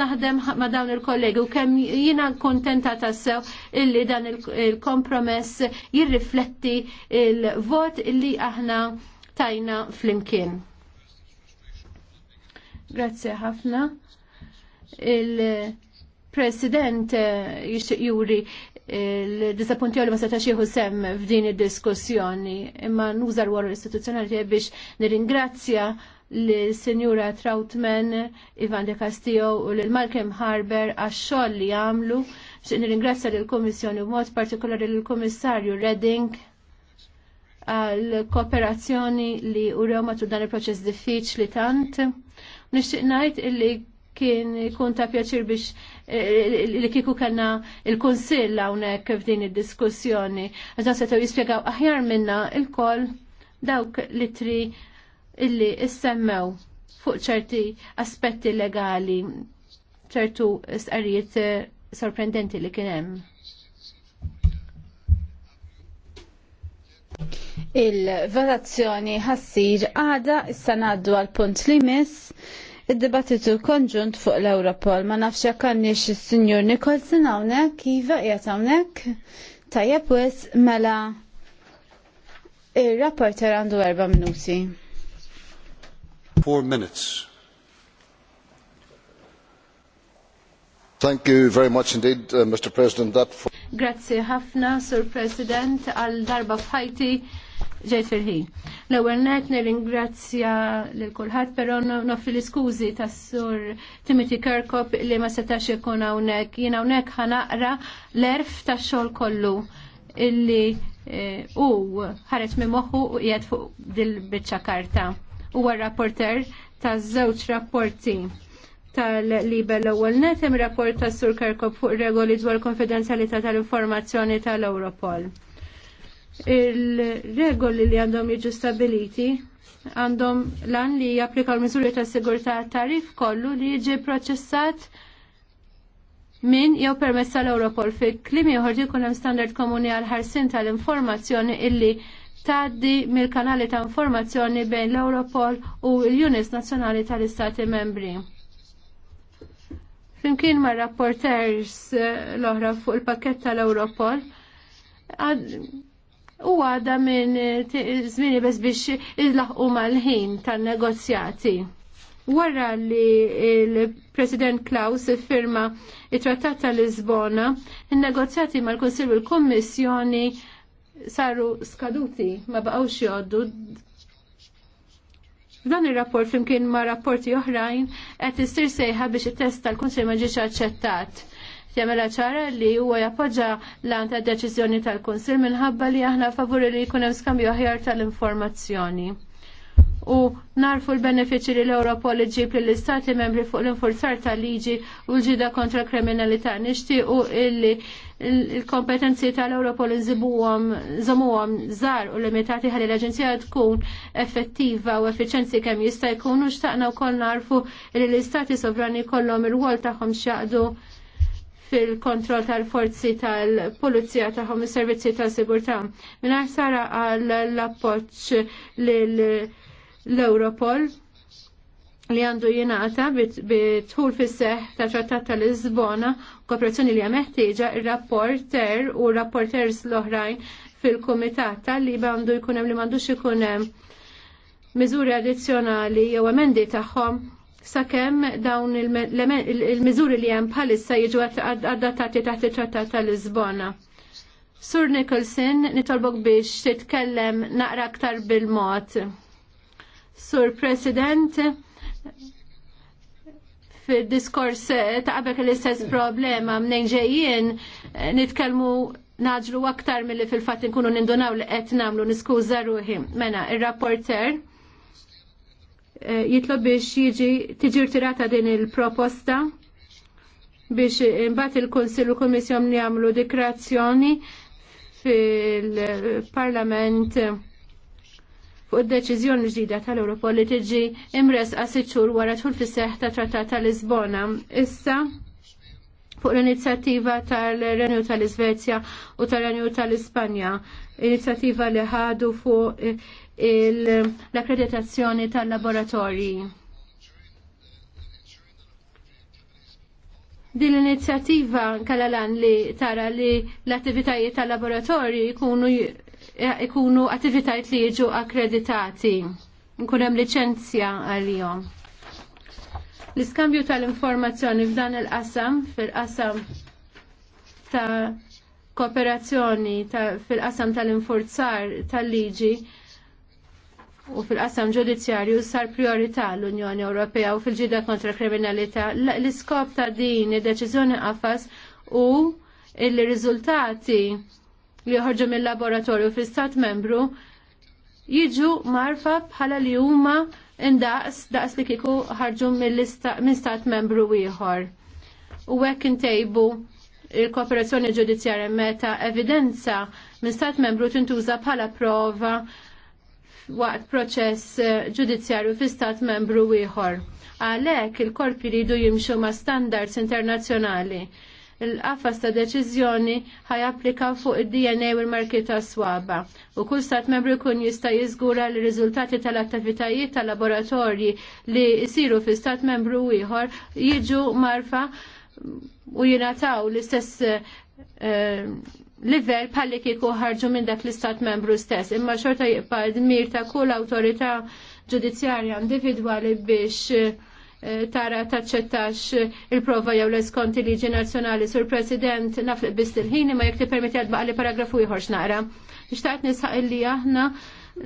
naħdem ma' dawn il-kollegi u kemm jiena kontenta tassew illi dan il-kompromess jirrifletti il-vot illi aħna tajna fl-imkien. Grazie ħafna. Il-President eh, juri il-disappunti eh, li ma setax jieħu sem f'din id-diskussjoni imma nużar waru l-istituzzjonali biex nirringrazzja l-Senjura Trautman, Ivan de Castillo u l-Malcolm Harber għax xogħol li għamlu. ringrazzja lill komissjoni u mod partikolari lill-Kummissarju Redding għal kooperazzjoni li urew matul dan il-proċess diffiċli tant. Nixtieq ngħid illi kien kun ta' pjaċir biex eh, li kiku kanna il-konsill hawnhekk f'din id-diskussjoni. Għażan setgħu jispjegaw aħjar minna il-koll dawk li tri illi issemmew fuq ċerti aspetti legali, ċertu stqarrijiet eh, sorprendenti li kien hemm. Il-votazzjoni ħassir għada issa ngħaddu għal punt li mis id-dibattitu konġunt fuq l-Europol. Ma nafx jekk għandix is-Sinjur Nikolson hawnhekk, iva qiegħed hawnhekk. Tajjeb wis mela ir-rapporter għandu erba' minuti. Four minutes. Thank you very much indeed, uh, Mr. President. That for... Grazie ħafna, Sir President, għal darba fħajti ġejt fil-ħin. L-ewwel net nirringrazzja lil kulħadd, però nofri l-iskużi tas-sur Timothy Kirkop li ma setax ikun hawnhekk. Jien hawnhekk ħanaqra l-erf tax-xogħol kollu illi eh, u ħareġ minn moħħu u qiegħed fuq dil-biċċa karta huwa rapporter ta' żewġ rapporti tal-libel l-ewwel net hemm rapport ta' Sur Kerkop fuq regoli dwar konfidenzjalità tal-informazzjoni tal-Europol. Il-regoli li għandhom jiġu stabiliti għandhom lan li japplika l-miżuri ta' sigurtà tarif kollu li jiġi proċessat minn jew permessa tal-Europol fi kliem ieħor jkun hemm standard komuni għal ħarsien tal-informazzjoni illi tgħaddi mill-kanali ta' informazzjoni bejn l-Europol u l-Units Nazzjonali tal-Istati Membri. Flimkien ma' rapporters eh, l-oħra fuq il-pakket tal-Europol, u għada minn zmini eh, bes biex il mal-ħin tan-negozjati. Wara li il-President Klaus firma il tal-Lisbona, il-negozjati mal-Konsil u l-Kommissjoni il negozjati mal konsil l kommissjoni il saru skaduti ma baqgħux jgħoddu Dan ir-rapport flimkien ma' rapporti oħrajn qed issir sejħa biex it-test tal-Kunsill ma ġiex aċċettat. Jagħmel ċara li huwa jappoġġa lan għad deċiżjoni tal-Kunsill minħabba li aħna favuri li jkun hemm skambju aħjar tal-informazzjoni u narfu l-benefiċi li l-Europa li ġib li l-istati membri fuq l-infurzar tal-liġi u l-ġida kontra kriminalità nishti u illi il-kompetenzi tal-Europa li nżimuhom żar u limitati għalli l-Aġenzija tkun effettiva u effiċenzi kemm jista' jkun u xtaqna wkoll narfu li l-istati sovrani kollom il wol tagħhom x'jaqdu fil-kontroll tal-forzi tal-polizija tagħhom is-servizzi tal sigurtà Mingħajr sara l appoġġ lil l-Europol li għandu jenata bitħul fis-seħ ta' ċattat ta' Lisbona kooperazzjoni li għameħtieġa il-rapporter u rapporters l-oħrajn fil-komitata li għandu jkunem li għandu xikunem miżuri addizzjonali jew emendi tagħhom sakemm dawn il-miżuri li hemm bħalissa jiġu adattati taħt il ċattat ta' Lisbona. Sur Nicholson, nitolbok biex titkellem naqra aktar bil-mod. Sur President, fil-diskors ta' qabel l-istess mm. problema mnejn ġejjien nitkellmu naġlu aktar mill-li fil-fat nkunu nindunaw li qed nagħmlu niskuża ruħi. Mena, ir-rapporter eh, jitlob biex jiġi tiġi rtirata din il-proposta biex imbagħad il-Kunsill u Kummissjoni jagħmlu dikrazzjoni fil-Parlament U d deċiżjoni ġdida tal-Ewropa li tiġi imres għas wara tħul fis ta' Trattat tal-Lisbona. Issa fuq l-inizjattiva tal-Renju tal-Iżvezja u tal-Renju tal-Ispanja, inizjattiva li ħadu fuq l-akkreditazzjoni tal-laboratorji. din l-inizjattiva kalalan li tara li l-attivitajiet tal-laboratorji jkunu ikunu attivitajt li jiġu akkreditati. Nkun hemm liċenzja għalihom. L-iskambju tal-informazzjoni f'dan il-qasam, fil-qasam ta' kooperazzjoni fil-qasam tal-infurzar tal-liġi u fil-qasam ġudizzjarju sar priorità l-Unjoni Ewropea u fil-ġida kontra kriminalità. L-iskop ta' din id-deċiżjoni qafas u il-riżultati li joħorġu mill-laboratorju fl-istat membru jiġu marfa bħala li huma indaqs daqs li kiku ħarġu minn stat membru ieħor. U hekk intejbu il-kooperazzjoni ġudizzjarja meta evidenza minn stat membru tintuża bħala prova waqt proċess eh, ġudizzjarju fi stat membru ieħor. Għalhekk il-korpi jridu jimxu ma' standards internazzjonali il-qafas ta' deċiżjoni applikaw fuq id-DNA u l-marki ta' swaba. U kull stat membru kun jista' jiżgura l riżultati tal-attivitajiet tal-laboratorji li jisiru fi stat membru ieħor jiġu marfa u jingħataw l-istess eh, livell palli kiku ħarġu minn dak l-istat membru stess. Imma xorta jibqa' dmir ta' kull awtorità ġudizzjarja individwali biex eh, tara taċċettax il-prova jew l-eskonti liġi nazzjonali sur president nafliq bist il-ħin ma jek permetti għadbaq li paragrafu jħor x'naqra. Nixtaqt nisħaq li aħna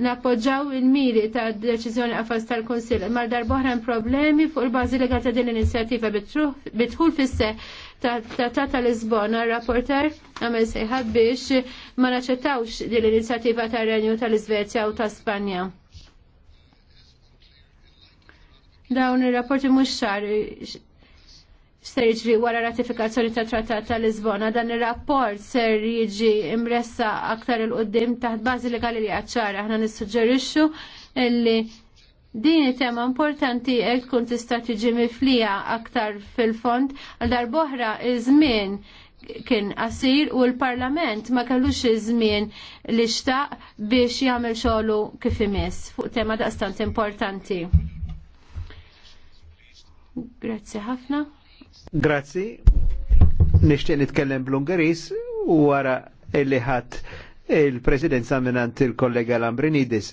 nappoġġaw il-miri ta' deċiżjoni għafas tal-Kunsill dar boħran problemi fuq il-bażi li ta' din l inizjativa bitħul fisse ta' ta' Lisbona, rapporter għamel sejħab biex ma naċċettawx din l inizjativa ta' Renju tal-Iżvezja u ta' Spanja Dawn ir-rapporti mhux xar ser jiġri wara ratifikazzjoni ta' trattat ta' Lisbona. Dan ir-rapport ser jiġi imressa aktar il-qoddim taħt bażi legali li għacċara. Aħna nissuġġerixxu li din tema importanti qed tkun tista' tiġi miflija aktar fil-fond għal darboħra iż-żmien kien qasir u l-Parlament ma kellux iż-żmien li xtaq biex jagħmel xogħlu kif imiss fuq tema daqstant importanti. Grazzi ħafna. Grazzi. Nishtiq nitkellem bl-Ungaris u wara illi ħadd il-presidenza minant il-kollega Lambrinidis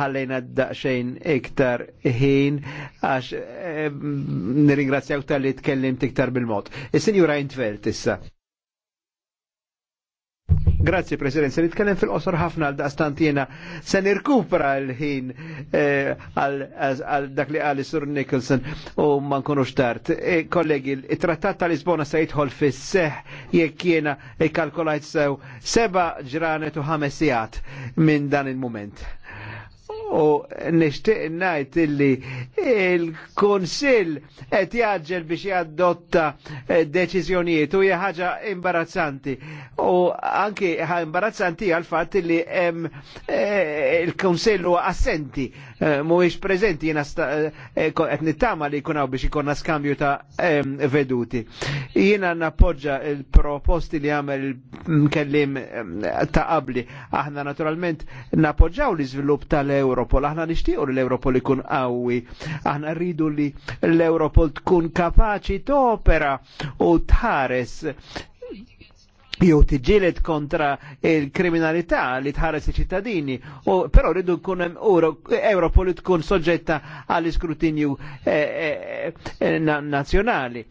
ħallejna daqxejn iktar ħin għax eh, nirringrazzjaw tal-li tkellimt iktar bil-mod. Is-Sinjura e-, Intfeld issa. Grazie Presidenza, nitkellem fil-qosor ħafna għal daqstantina se nirkupra l-ħin eh, għal dak li għal Sur Nicholson u ma nkunux tard. Eh, kollegi, it-trattat tal Lisbona se jidħol fis-seħ jekk jiena ikkalkolajt sew seba ġranet u ħames minn dan il-moment u nishtiq najt illi il-konsil qed jaġġel biex jaddotta eh, deċiżjonijiet u hija ħaġa imbarazzanti. U anki ħa imbarazzanti għal fatt illi eh, il-konsil u assenti eh, mhuwiex prezenti jina qed nittama li jkun biex ikonna skambju ta' veduti. Jiena nappoġġa il-proposti li għamel il ta' qabli. Aħna naturalment nappoġġaw l-iżvilupp tal-Euro l-Europol. Aħna nixtiequ li l-Europol ikun qawwi. Aħna rridu li l-Europol tkun kapaċi topera u tħares jew tiġilet kontra il-kriminalità li tħares iċ-ċittadini, però rridu nkun hemm Europol tkun soġġetta għall iskrutinju eh, eh, eh, nazzjonali.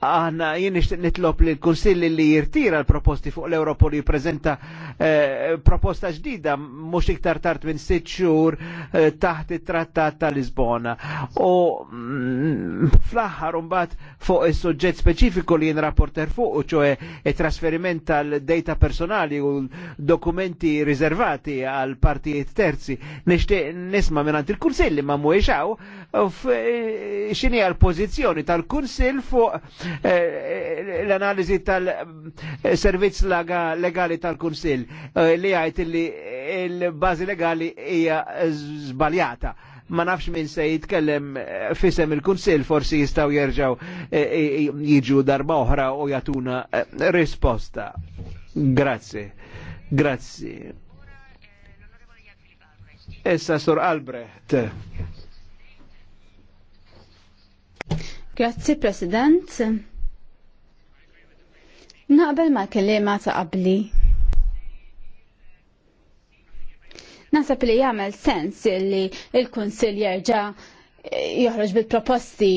Aħna jien nixtieq nitlob li l-Kunsilli li jirtira l-proposti fuq l-Europol jippreżenta eh, proposta ġdida mhux iktar tard minn sitt xhur eh, taħt it-Trattat ta' Lisbona. U mm, fl-aħħar mbagħad fuq is-suġġett speċifiku li jien rapporter fuq, ċoe it-trasferiment tal-data personali u dokumenti riservati għal partijiet terzi. Nixtieq nisma' minn il-Kunsilli ma mhuwiex E, xini għal-pozizjoni tal-Kunsil fuq e, e, l-analizi tal-servizz legali tal-Kunsil li għajt li l-bazi legali hija zbaljata ma nafx minn se jitkellem fisem il-Kunsil forsi jistaw jerġaw jiġu darba oħra u jatuna risposta. Grazie. Grazie. Essa Sur Albrecht. Grazzi, President. Naqbel ma' kellima ta' qabli. Nasab li jagħmel sens li l-Kunsill jerġa' joħroġ bil-proposti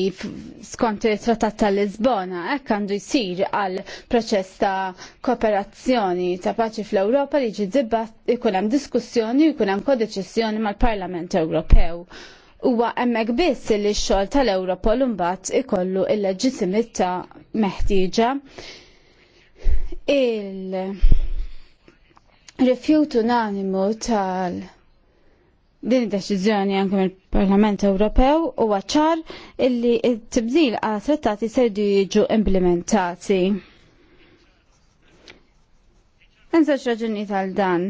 skont il-Trattat tal-Lisbona, hekk għandu jsir għal proċess ta' kooperazzjoni ta' paċi fl-Ewropa li jiġi ikun hemm diskussjoni, jkun hemm kodeċiżjoni mal-Parlament Ewropew huwa hemmhekk biss li x-xogħol tal l imbagħad ikollu il-leġittimità meħtieġa. Il-rifjut unanimu tal- din id-deċiżjoni anke mill-Parlament Ewropew huwa ċar illi t-tibdil għal trattati serdu jiġu implementati. Nżewġ raġuni tal dan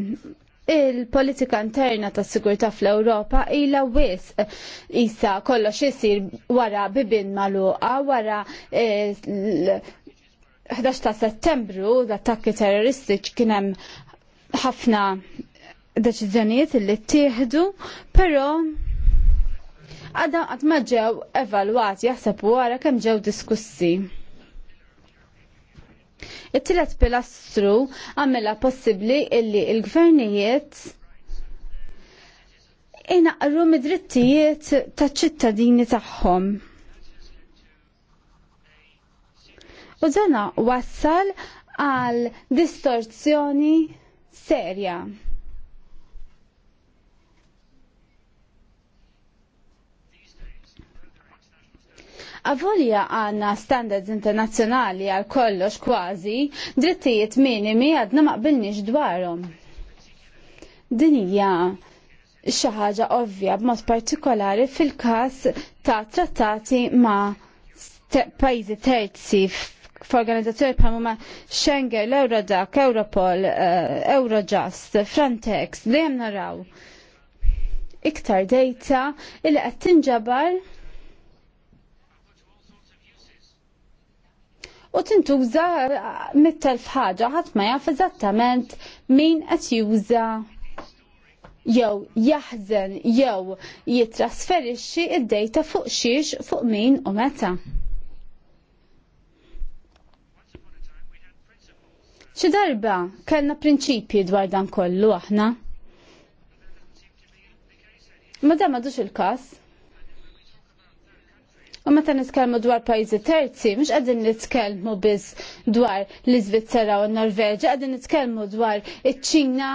Il-politika interna ta' sigurtà fl-Ewropa ilha wis eh, isa kollox xisir wara bibin magħluqa wara 11 eh, ta' settembru l-attakki terroristiċi kien hemm ħafna deċiżjonijiet li ttieħdu, però pero qatt ma ġew evalwati jaħseb wara kemm ġew diskussi it tlet pilastru għamela possibbli illi il-gvernijiet inaqru mid-drittijiet ta' ċittadini tagħhom. U dana wassal għal distorzjoni serja. Avolja għanna standards internazzjonali għal kollox kważi, drittijiet minimi għadna maqbilniġ dwarhom. Dinija xi ħaġa ovvja b'mod partikolari fil-każ ta' trattati ma' pajjiżi terzi f'organizzazzjoni bħal huma Schengen, eurodac Europol, eh, Eurojust, Frontex, li hemm naraw iktar data illi qed tinġabar u tintuża mit-telf ħaġa ħadd ma jaf eżattament min qed juża jew jaħżen jew jitrasferixxi id-dejta fuq xiex fuq min u meta. Xi darba kellna prinċipji dwar dan kollu aħna? Ma dux il-każ. U meta nitkellmu dwar pajjiżi terzi, mhux qegħdin nitkellmu biss dwar l-Iżvizzera u n-Norveġa, qegħdin nitkellmu dwar iċ-Ċina,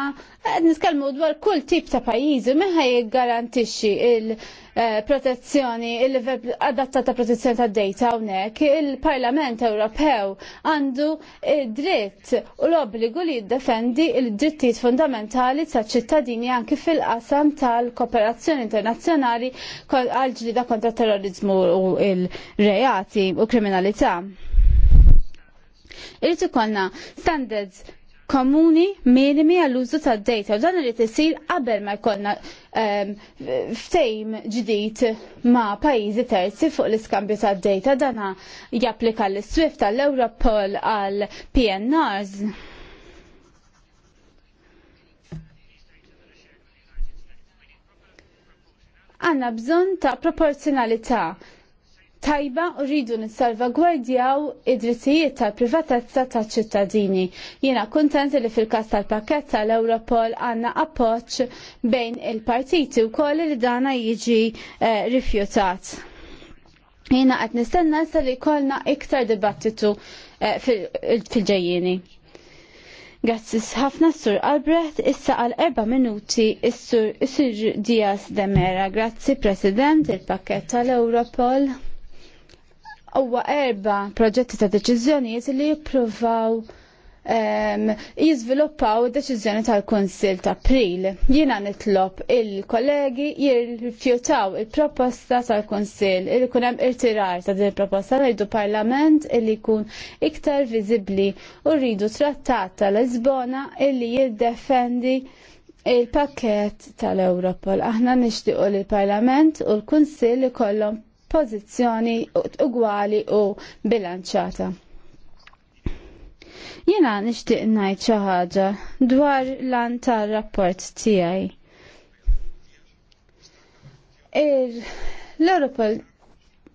qegħdin nitkellmu dwar kull tip ta' pajjiżi min jiggarantixxi il- Eh, protezzjoni, il level adattata protezzjoni ta' data hawnhekk, il-Parlament Ewropew għandu dritt u l-obbligu li jiddefendi il-drittijiet fundamentali ta' ċittadini anki fil-qasam tal-kooperazzjoni internazzjonali għal-ġlida kontra terrorizmu u il-reati u kriminalità. Irrid ikollna standards komuni minimi għall-użu tad data u dan irid isir qabel ma jkollna ehm, ftejm ġdid ma' pajjiżi terzi fuq l-iskambju tad data dana japplika l swift għall europol għal PNRs. Għanna bżon ta' proporzjonalità tajba u rridu nissalvagwardjaw id-drittijiet tal-privatezza tal ċittadini. Jiena kontent li fil-kas tal-pakket tal-Europol għanna appoċ bejn il-partiti u koll li dana jiġi eh, rifjutat. Jiena għat nistenna sa li kollna iktar dibattitu eh, fil-ġejjini. Grazzi ħafna Sur Albrecht, issa għal erba minuti issur sur Diaz Demera. Grazzi President, il-pakket tal-Europol huwa erba proġetti ta' deċiżjonijiet li jippruvaw um, ehm, jizviluppaw deċiżjoni tal-Konsil ta' April. Jiena nitlob il-kollegi jirrifjutaw il-proposta tal-Konsil il kun hemm irtirar ta' din il-proposta rridu parlament illi jkun iktar viżibbli u rridu trattat tal-Lisbona illi jiddefendi il-pakket tal-Europol. Aħna nixtiequ l-Parlament u l-Kunsill ikollhom pożizzjoni ugwali u bilanċata. Jena nishtiq najt xi ħaġa dwar lan tar-rapport tiegħi. L-Europol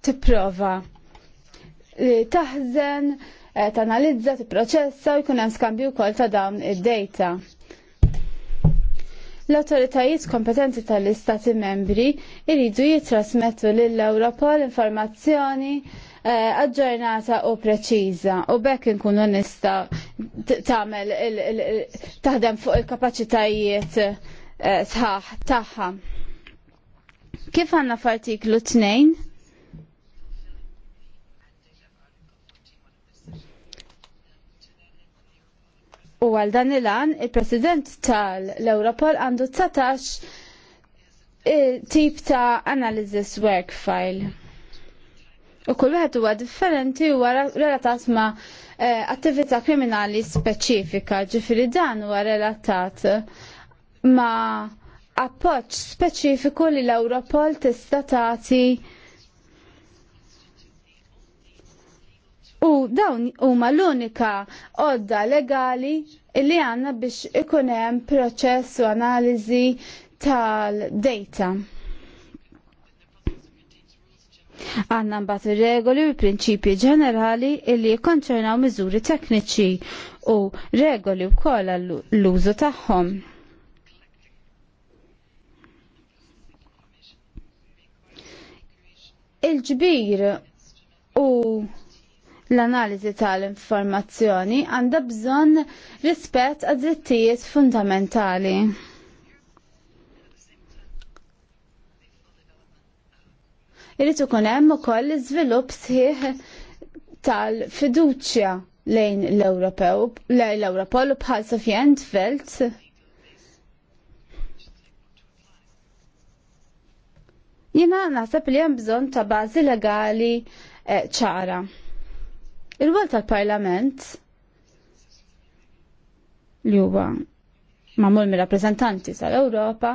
tipprova li taħżen, eh, tanalizza, tipproċessa u jkun hemm skambju wkoll ta' dawn id-data. L-autoritajiet kompetenti tal-Istati membri iridu jitrasmettu lill-Europol informazzjoni eh, aġġornata u preċiża u bekk inkunu nista tagħmel taħdem fuq il-kapaċitajiet sħaħ eh, tagħha. Kif għandna f'artiklu 2 U għal dan il-għan, il-President tal-Europol għandu 19 tip ta' analysis work file. U kull wieħed huwa differenti u relatat ma' eh, attività kriminali speċifika, ġifiri dan huwa relatat ma' appoġġ speċifiku li l-Europol tista' tagħti U dawn huma l-unika odda legali li għanna biex ikun hemm proċess u analiżi tal-data. Għanna mbagħad ir-regoli u prinċipji ġenerali li jikkonċernaw miżuri tekniċi u regoli wkoll l-użu tagħhom. Il-ġbir u l-analiżi tal-informazzjoni għandha bżonn rispett għad drittijiet fundamentali. Irrid ikun hemm ukoll iżvilupp sħiħ tal-fiduċja lejn l-Ewropew, lejn l-Ewropol bħal Sofjent Felt. Jena naħseb li hemm bżonn ta' bażi legali eh, ċara. Eh, Il-wol tal-Parlament li huwa mamul mir rappresentanti tal-Ewropa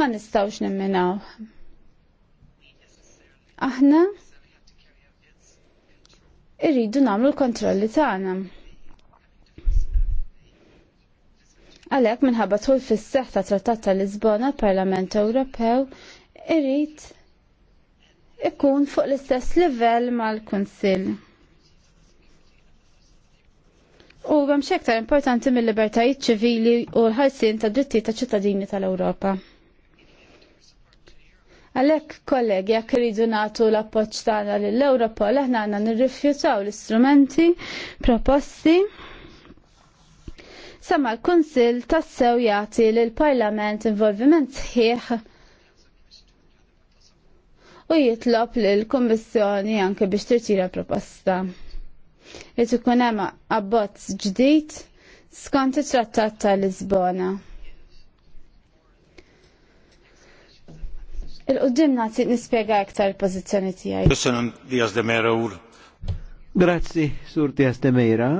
ma nistawx nimminaw. Aħna irridu namlu l-kontrolli tagħna. Għalhekk minħabba tħul fis-seħħ ta' Trattat ta' Lisbona l-Parlament Ewropew irrid ikun fuq l-istess livell mal-Kunsill u b'hemmx aktar importanti mill-libertajiet ċivili u l-ħarsien ta' dritti ta' ċittadini tal-Ewropa. Għalhekk kollegi, jekk iridu nagħtu l-appoġġ tagħna lill-Ewropol aħna għandna nirrifjutaw l-istrumenti proposti Sama l-Kunsil tassew jagħti lill parlament involviment sħiħ u jitlob lill kummissjoni anke biex tirtira proposta li tkun hemm abbozz ġdid skont it-Trattat ta' Lisbona. Il-qoddim nagħti nispjega aktar il-pożizzjoni tiegħi. Dias de Mera ur. Grazzi, Sur Dias de Mera.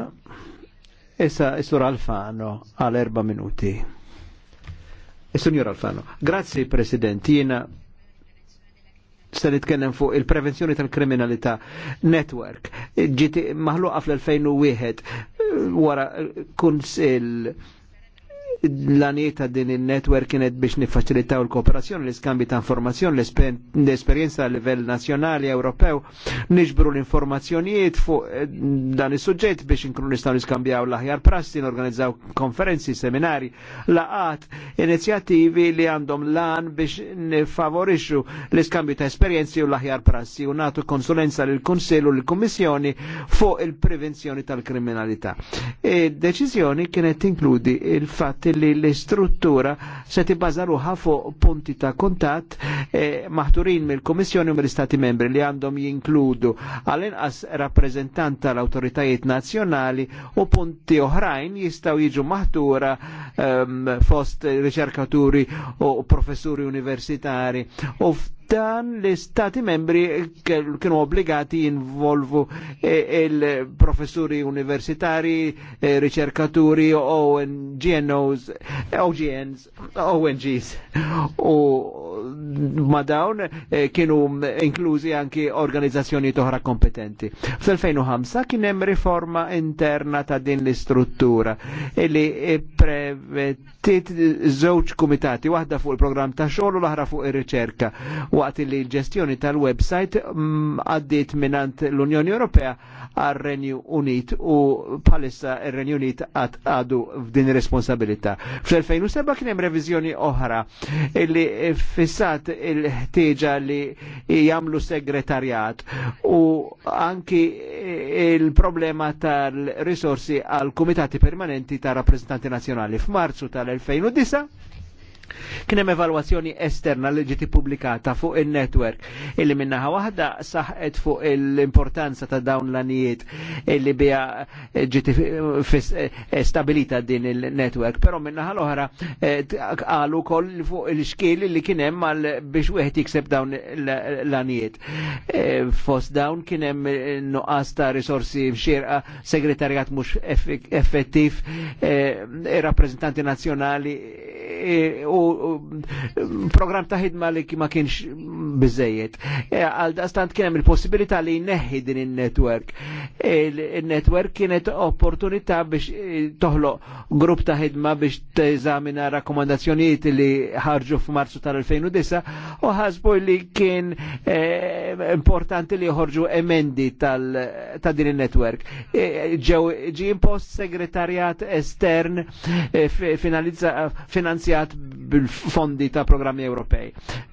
Issa, Sur Alfano, għal erba minuti. Signor Alfano, grazie President, jena se nitkellem fuq il-prevenzjoni tal-kriminalità network. Ġiti maħluqa fl-2001 eh, wara kunsil l anieta din il-network kienet biex nifacilitaw l-kooperazzjoni, l-iskambi ta' informazzjoni, l-esperienza a livell nazjonali, Ewropew, nixbru l-informazzjonijiet fuq eh, dan is suġġett biex nkunu nistaw niskambjaw l-aħjar prassi, organizzaw konferenzi, seminari, laqat, inizjattivi li għandhom lan biex nifavorixxu l-iskambju ta' esperienzi u l-aħjar prassi u natu konsulenza l u l-Kommissjoni fuq il-prevenzjoni tal-kriminalità. E deċiżjoni kienet tinkludi il-fatt li l-istruttura se tibbażaruha fuq punti ta' kuntatt eh, maħturin mill-Kummissjoni u mill-Istati membri li għandhom jinkludu għall-inqas rappreżentant tal-awtoritajiet nazzjonali u punti oħrajn jistgħu jiġu maħtura eh, fost riċerkaturi u professuri universitari u dan l-istati membri kienu obbligati jinvolvu eh, il-professuri universitari, eh, ricercaturi, GNOs, OGNs, ONGs. U ma dawn eh, kienu inklużi anki organizzazzjoni toħra kompetenti. Fl-2005 kien hemm riforma interna ta' din l-istruttura illi prevettit żewġ kumitati, waħda fuq il-programm ta' xogħol u l-aħra fuq ir-riċerka waqt li l-ġestjoni tal-website mm, għaddit minant l-Unjoni Ewropea għal renju Unit u palissa il-Renju Unit għaddu f'din responsabilità. Fl-2007 kien hemm reviżjoni oħra illi fissat il-ħtieġa li jagħmlu segretarjat u anki il-problema tal-risorsi għal kumitati permanenti tal rappresentanti nazjonali. F'Marzu tal-2009 Kien hemm evalwazzjoni esterna li ġiet ippubblikata fuq in-netwerk illi minnaħa waħda saħqet fuq l-importanza ta' dawn l-anijiet illi biha ġiet eh, stabilita din il-netwerk, però minnaħa l-oħra eh, qal ukoll fuq il xkil li kien hemm għal biex wieħed jikseb dawn l-anijiet. Eh, fost dawn kien hemm nuqqas ta' risorsi f'xirqa, segretarjat mhux effettiv, rappreżentanti nazzjonali u u program ta' ħidma li ma kienx bizzejiet. E, għal dastant kienem il-possibilità li neħi din il-network. E, il-network kienet opportunità biex e, toħloq grupp ta' ħidma biex teżamina rakkomandazzjonijiet li ħarġu f'Marzu tal-2009 u ħasbu li kien importanti li ħorġu emendi ta' din il-network. Ġi impost segretarjat estern finanzjat bil-fondi ta' programmi Ewropej.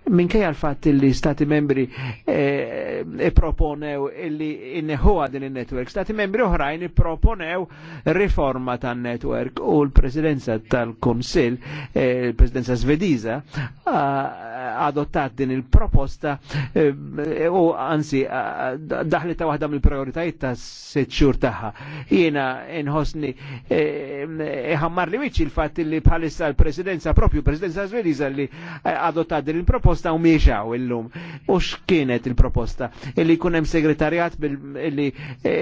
Minkejja l-fatt li stati membri e eh, proponew li inneħuha din il-network, stati membri oħrajn proponew riforma tan network u l-presidenza tal-Konsil, eh, il-presidenza svediza, ah, adottat din il-proposta eh, u anzi daħli ta' waħda mill-prioritajiet ta' setxur taħħa. Jena nħosni eh, ħammar li miċ il fat li bħalissa l-presidenza propju presidenza svediza li eh, adottat din il-proposta u miexaw illum. U x'kienet il-proposta? Illi kun hemm segretarjat li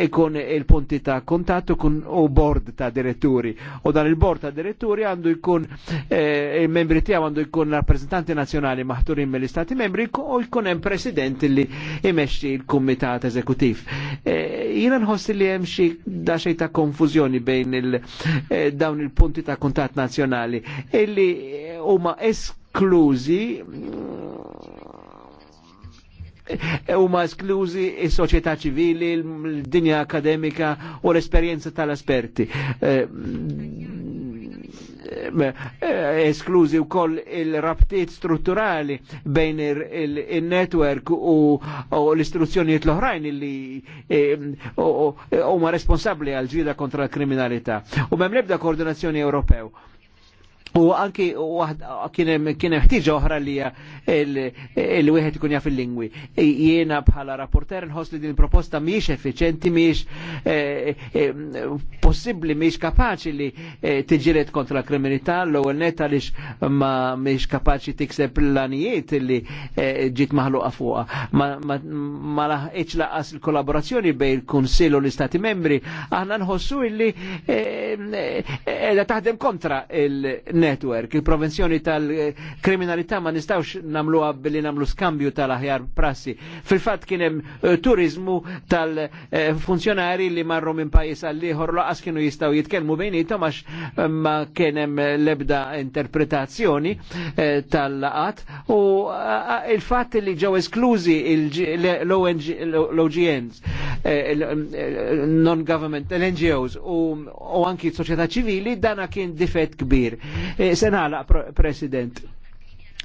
ikun il-punti ta' kontattu kun u bord ta' diretturi. U dan il-bord ta' diretturi għandu jkun il-membri tiegħu għandu jkun rappresentanti nazzjonali maħ maħturin mill-Istati membri u jkun hemm president li imexxi l-Kumitat Eżekutiv. E, jiena nħossi li hemm xi daxej ta' konfużjoni bejn e, dawn il-punti ta' kuntat nazzjonali illi huma esklużi mm, Huma esklużi is-soċjetà ċivili, l-dinja akademika u l-esperjenza tal-esperti. E, Eh, esklużi u koll il raptiet strutturali bejn il-network u l istruzzjoniet l-oħrajn li eh, u ma responsabli għal ġida kontra l-kriminalità. U memlebda koordinazzjoni Ewropew U anki kienem ħtiġa oħra li l wieħed ikun jaf il-lingwi. Jiena bħala rapporter nħoss li din proposta miex effiċenti, miex eh, eh, possibbli, miex kapaċi li eh, tiġiret kontra l-kriminità l ewwel netta li ma miex kapaċi tikseb l-anijiet li ġit maħluqa fuqa. Ma laħqitx laqas il-kollaborazzjoni bejn il-Kunsill u l-Istati membri, aħna nħossu illi edha taħdem kontra il- network. Il-provenzjoni tal-kriminalità ma nistawx namluha billi namlu skambju tal-aħjar prassi. Fil-fatt kien hemm eh, turizmu tal-funzjonari eh, li marru minn pajjiż għal ieħor laqas kienu jistgħu jitkellmu bejnietom għax eh, ma kien hemm l-ebda interpretazzjoni tal-laqat u il-fatt li ġew esklużi l-OGNs, non-government, l-NGOs u anki s-soċjetà ċivili dana kien difett kbir. Eh, Senala, President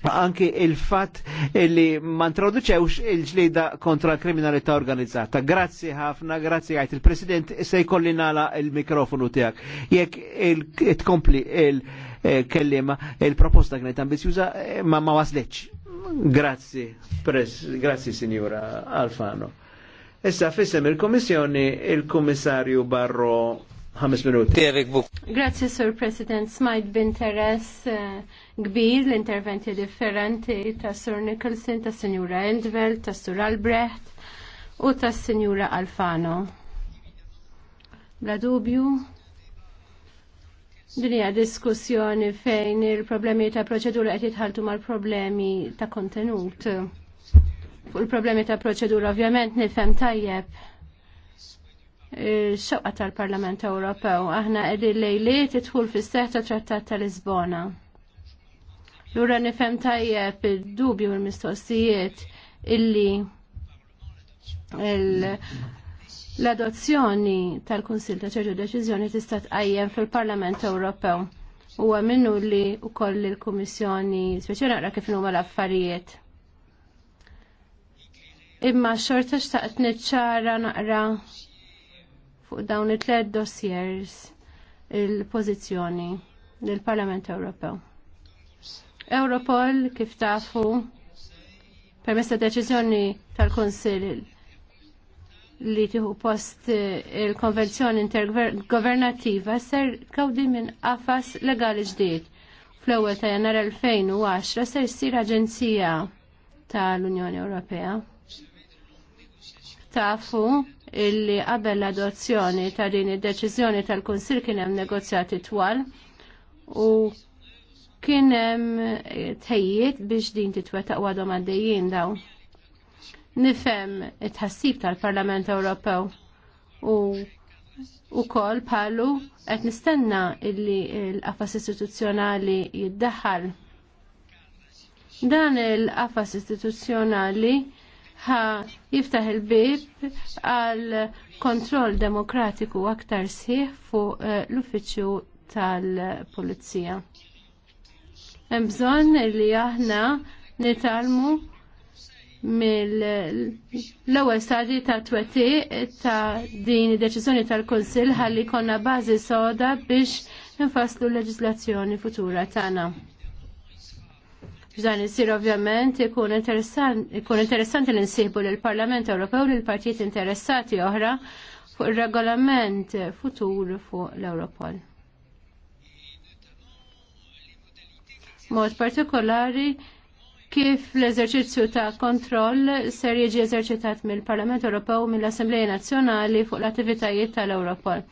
anki il-fat li man traduċewx il-ġlida kontra l-kriminalità organizzata. Grazzi ħafna, grazzi għajt il-President, se jkolli nala il-mikrofonu tijak. Jek il-tkompli il-kellima, eh, il-proposta għnet ambizjuza, eh, ma ma wasleċ. Grazzi, grazzi signora Alfano. Issa fissem il-Komissjoni il-Komissarju Barro ħames minuti. Grazzi, Sur President. Smajt b'interess eh, kbir l-interventi differenti ta' Sur Nicholson, ta' senjura Endvel, ta' Sur Albrecht u ta' senjura Alfano. Bla dubju, Din hija diskussjoni fejn il-problemi ta' proċedura qed jitħaltu mal-problemi ta' kontenut. Fuq il-problemi ta' proċedura ovvjament nifhem tajjeb X-xoqqa tal-Parlament Ewropew. Aħna qegħdin lejliet idħul fis-seħħ ta' Trattat ta' Lisbona. Lura nifhem tajjeb id-dubju u l-mistoqsijiet illi l-adozzjoni tal-Kunsil ta' ċertu deċiżjoni tista' tqajjem fil-Parlament Ewropew. Huwa minnu li wkoll il-Kummissjoni speċjali naqra kif huma l-affarijiet. Imma xorta xtaqt niċċara naqra fuq dawn it-tlet dossiers il-pożizzjoni lill-Parlament Ewropew. Europol kif tafu permessa deċiżjoni tal-Konsil li tieħu post il-konvenzjoni intergovernativa ser kawdi minn qafas legali ġdid. Fl-ewwel ta' jannar 2010 ser ssir aġenzija tal-Unjoni Ewropea. Tafu illi qabel l-adozzjoni ta' din id-deċiżjoni tal-Kunsil kien hemm negozjati twal u kien hemm eh, tejjiet biex din titwetaq għadhom għaddejjin daw. Nifhem it-ħassib tal-Parlament Ewropew u wkoll kol palu nistenna illi l-qafas istituzzjonali jiddaħħal. Dan il-qafas istituzzjonali ħa jiftaħ il-bib għal kontroll demokratiku aktar sħiħ fuq eh, l-uffiċċju tal-Pulizija. Hemm bżonn li aħna nitalmu mill-ewwel stadji ta' tweti ta' din id-deċiżjoni tal-Kunsill ħalli konna bażi soda biex nfasslu l-leġislazzjoni futura tagħna. Bżan iżir ovvjament ikun interessanti li nsibu lill parlament Ewropew li l-partijiet interessati oħra fuq ir regolament futur fuq l-Europol. Mod partikolari kif l-eżerċizzju ta' kontroll ser jiġi eżerċitat mill-Parlament Ewropew u mill-Assembleja Nazzjonali fuq l-attivitajiet tal-Europol.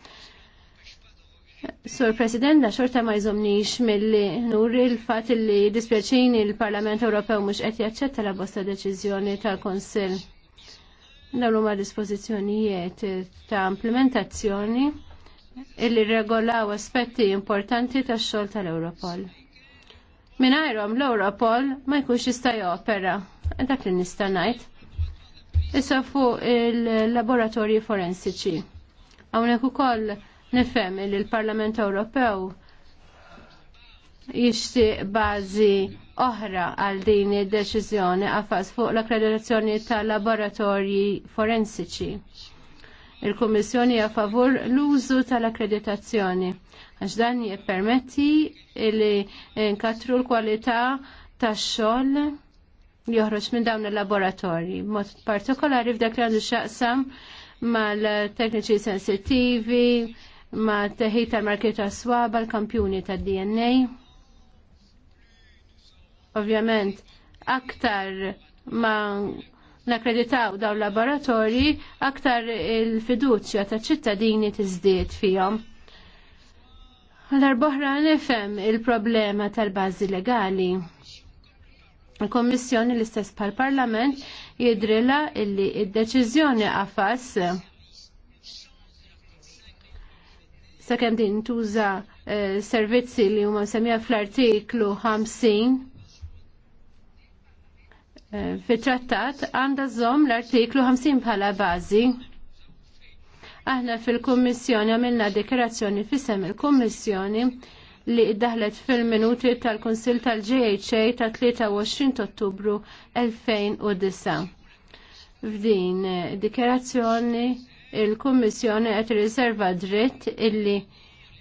Sur President, da xorta ma jżomnix mill-li nuri l-fat li dispjaċini l-Parlament Ewropew mux qed jaċċetta la bosta deċiżjoni tal-Konsil. Dawn huma dispożizzjonijiet ta' implementazzjoni illi regolaw aspetti importanti tax-xogħol tal-Europol. Minajrom l-Europol ma jkunx jista' jopera, dak li nista' ngħid. Issa fuq il-laboratorji forensiċi. Hawnhekk ukoll Nifhem li l-Parlament Ewropew jixtieq bażi oħra għal din id-deċiżjoni għafas fuq l-akkreditazzjoni tal laboratorji forensiċi. Il-Kummissjoni hija favur l-użu tal-akkreditazzjoni għax dan jippermetti li nkatru l-kwalità tax-xogħol joħroġ minn dawn il-laboratorji. Mod partikolari f'dak li għandu xaqsam mal-tekniċi sensittivi, ma' teħid tal markita swaba l-kampjuni tal DNA. Ovvjament, aktar ma' nakreditaw daw laboratorji, aktar il-fiduċja ta' ċittadini tiżdied fihom. L-arboħra nifhem il-problema tal-bażi legali. Il-Kommissjoni l-istess pal-Parlament jidrilla illi id-deċiżjoni qafas sakemm din tuża eh, servizzi li huma semmija fl-artiklu 50 eh, fit-trattat għandha żomm l-artiklu 50 bħala bażi. Aħna fil-Kummissjoni għamilna dikerazzjoni fisem il-Kummissjoni li iddaħlet fil-minuti tal-Konsil tal-GHA ta' 23 Ottubru 2009. F'din eh, dikerazzjoni il-Kummissjoni qed riserva dritt illi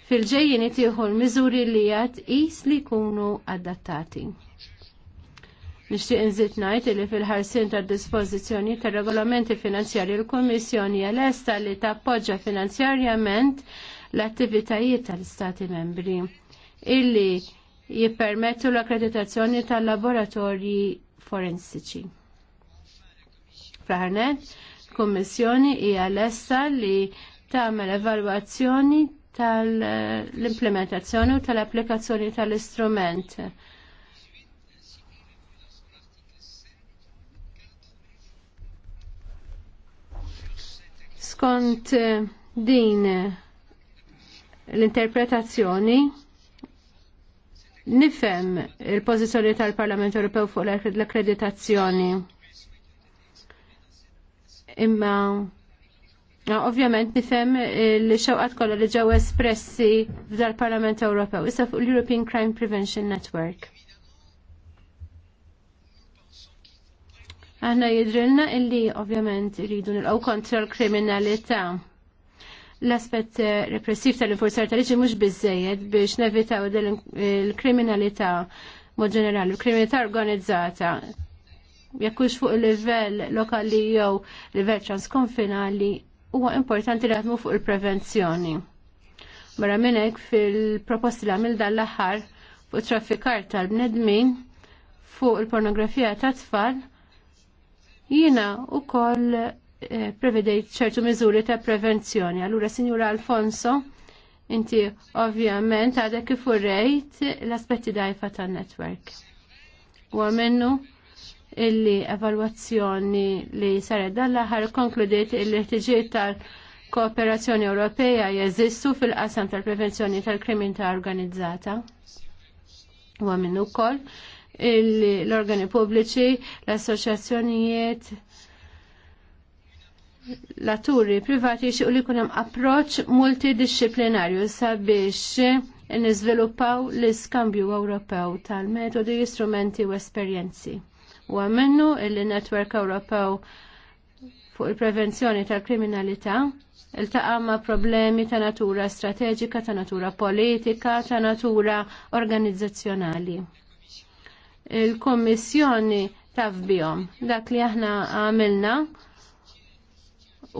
fil-ġejjin tieħu l-miżuri li qed qis li jkunu adattati. Nixtieq inżid ngħid li fil-ħarsien tad-dispożizzjoni tar-regolamenti finanzjarji l-Kummissjoni lesta li tappoġġa finanzjarjament l-attivitajiet tal-Stati membri illi jippermettu l-akkreditazzjoni tal-laboratorji forensiċi. Fraħarnet, il-Kommissjoni hija lesta li tagħmel evalwazzjoni tal-implementazzjoni u tal-applikazzjoni tal-istrument. Skont eh, din eh, l-interpretazzjoni nifhem il-pożizzjoni tal-Parlament Ewropew fuq l-akkreditazzjoni imma ah, Ovvjament nifhem eh, li xewqat kollha li ġew espressi f'dal-Parlament Ewropew issa fuq l-European Crime Prevention Network. Aħna jidrilna illi ovvjament iridu nilqgħu kontra l-kriminalità. L-aspett eh, repressiv tal-infurzar tal-liġi mhux biżejjed biex nevitaw il-kriminalità mod ġenerali, l-kriminalità organizzata jekkux fuq il-livell lokali jew livell transkonfinali, huwa importanti li għatmu fuq il-prevenzjoni. Mara minnek fil-proposti li għamil dal-aħħar fuq traffikar tal-bnedmin fuq il-pornografija ta' tfal, jina u koll eh, prevedejt ċertu miżuri ta' prevenzjoni. Allura, Sinjura Alfonso, inti ovvjament għadek kif l-aspetti dajfa ta' network. U għamennu illi evalwazzjoni li saret dan l konkludiet illi ħtiġiet tal-kooperazzjoni Ewropea jeżistu fil-qasam tal-prevenzjoni tal ta' organizzata. U minnu illi l-organi pubbliċi, l-assoċjazzjonijiet, l-atturi privati u li kunem approċ multidisciplinarju sabiex n-izviluppaw l-iskambju Ewropew tal-metodi, strumenti u esperjenzi. U għamennu il-Network Ewropew fuq il-prevenzjoni tal-kriminalità il ma' problemi ta' natura strateġika, ta' natura politika, ta' natura organizzazzjonali. Il-Kommissjoni taf bihom dak li aħna għamilna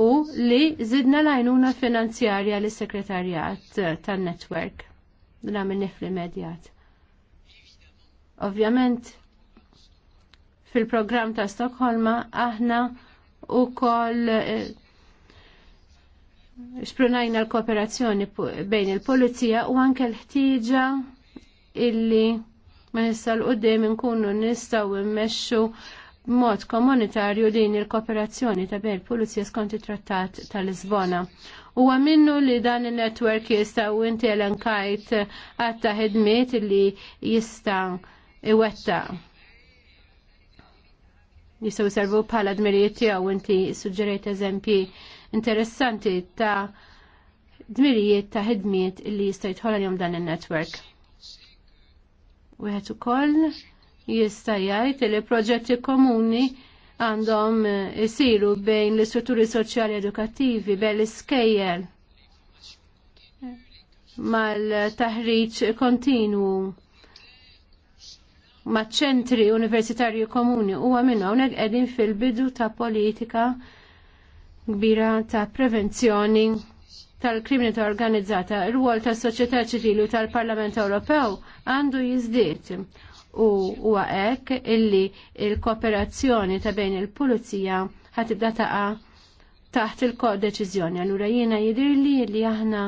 u li zidna lajnuna finanzjarja li sekretarjat tan netwerk Bila minnif nifli medjat. Ovvjament, fil-programm ta' Stokholma aħna u koll xprunajna eh, l-kooperazzjoni bejn il-polizija u anke l-ħtieġa illi ma nissal qudiem nkunu nistgħu immexxu mod komunitarju din il-kooperazzjoni ta' bejn il-Pulizija skont it-Trattat tal-Lisbona. Huwa minnu li dan il-netwerk jista' u inti l-enkajt għatta ħidmiet illi jista' iwetta' jisaw servu bħala dmirijiet tiegħu inti suġġerajt eżempji interessanti ta' dmirijiet ta' ħidmiet li jista' ħolan jom dan in-netwerk. Wieħed ukoll jista' jgħid li proġetti komuni għandhom eh, isiru bejn l-istrutturi soċjali edukattivi bejn l-iskejjel mal-taħriġ kontinu maċ-ċentri universitarju komuni huwa minn hawnhekk qegħdin fil-bidu ta' politika kbira ta' prevenzjoni tal-kriminalità ta organizzata. Ir-rwol tas-soċjetà ċivili u tal-Parlament Ewropew għandu jiżdied u huwa hekk illi il-kooperazzjoni ta' bejn il-pulizija ħatibda taqa taħt il-kod deċiżjoni. Allura jiena jidirli li aħna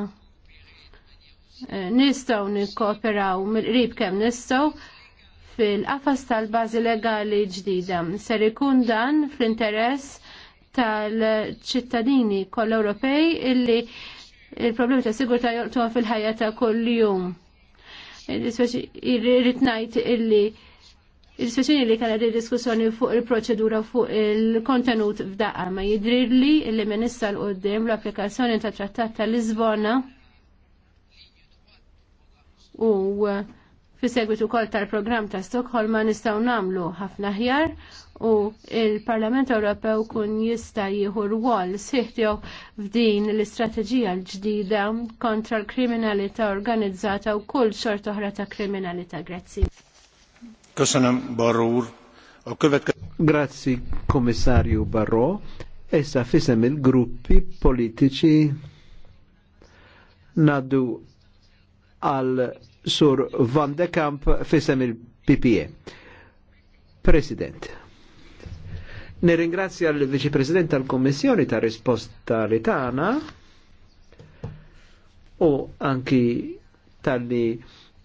eh, nistgħu nikkooperaw mill-qrib kemm nistgħu fil-qafas tal-bazi legali ġdida. Ser ikun dan fl-interess tal-ċittadini koll Ewropej illi il-problemi ta' sigurta joltuwa fil-ħajja ta' kull jum. Irrit illi il-speċini li kalla di diskussjoni fuq il-proċedura fuq il-kontenut f'daqqa ma jidrir li illi minissa l-qoddim l-applikazzjoni ta' trattat tal Lisbona u fi segwitu kol tal-program ta' Stockholm ma nistaw namlu ħafna ħjar u il-Parlament Ewropew kun jista jieħu rwol siħtiju f'din l-istrateġija l-ġdida kontra l-kriminalità organizzata u kull xort oħra ta' kriminalità. Grazzi. Kosanam Barur. Grazzi Komissarju Barro. Essa fisem il-gruppi politiċi naddu għal Sur Van de Kamp fisem il ppa President. Nirringrazzja l-Viċi President tal-Kommissjoni ta' risposta li tagħna u anki tal-li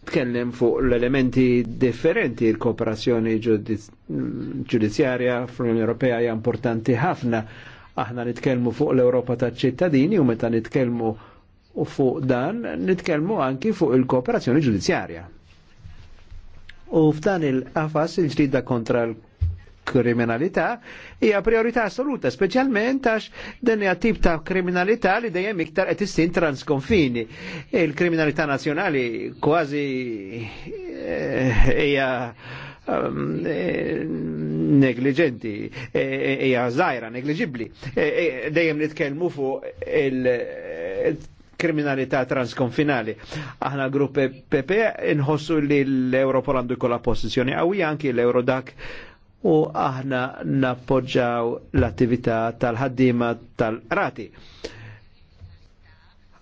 tkellem fuq l-elementi differenti il-kooperazzjoni ġudizzjarja fl-Unjoni Ewropea hija importanti ħafna. Aħna nitkellmu fuq l-Ewropa taċ-ċittadini u meta nitkellmu u fuq dan nitkellmu anki fuq il-kooperazzjoni ġudizzjarja. U f'dan il-qafas il-ġdida kontra l kriminalità hija priorità assoluta, speċjalment għax dan hija tip ta' kriminalità li dejjem iktar qed issin transkonfini. Il-kriminalità nazzjonali kważi eh, hija um, eh, negliġenti, eh, hija żgħira, negliġibbli. Dejjem nitkellmu fuq il kriminalità transkonfinali. Aħna grupp PP inħossu li l-Europol għandu jkollha pożizzjoni qawwi anki l-Eurodak u aħna nappoġġaw l-attività tal-ħaddima tal-rati.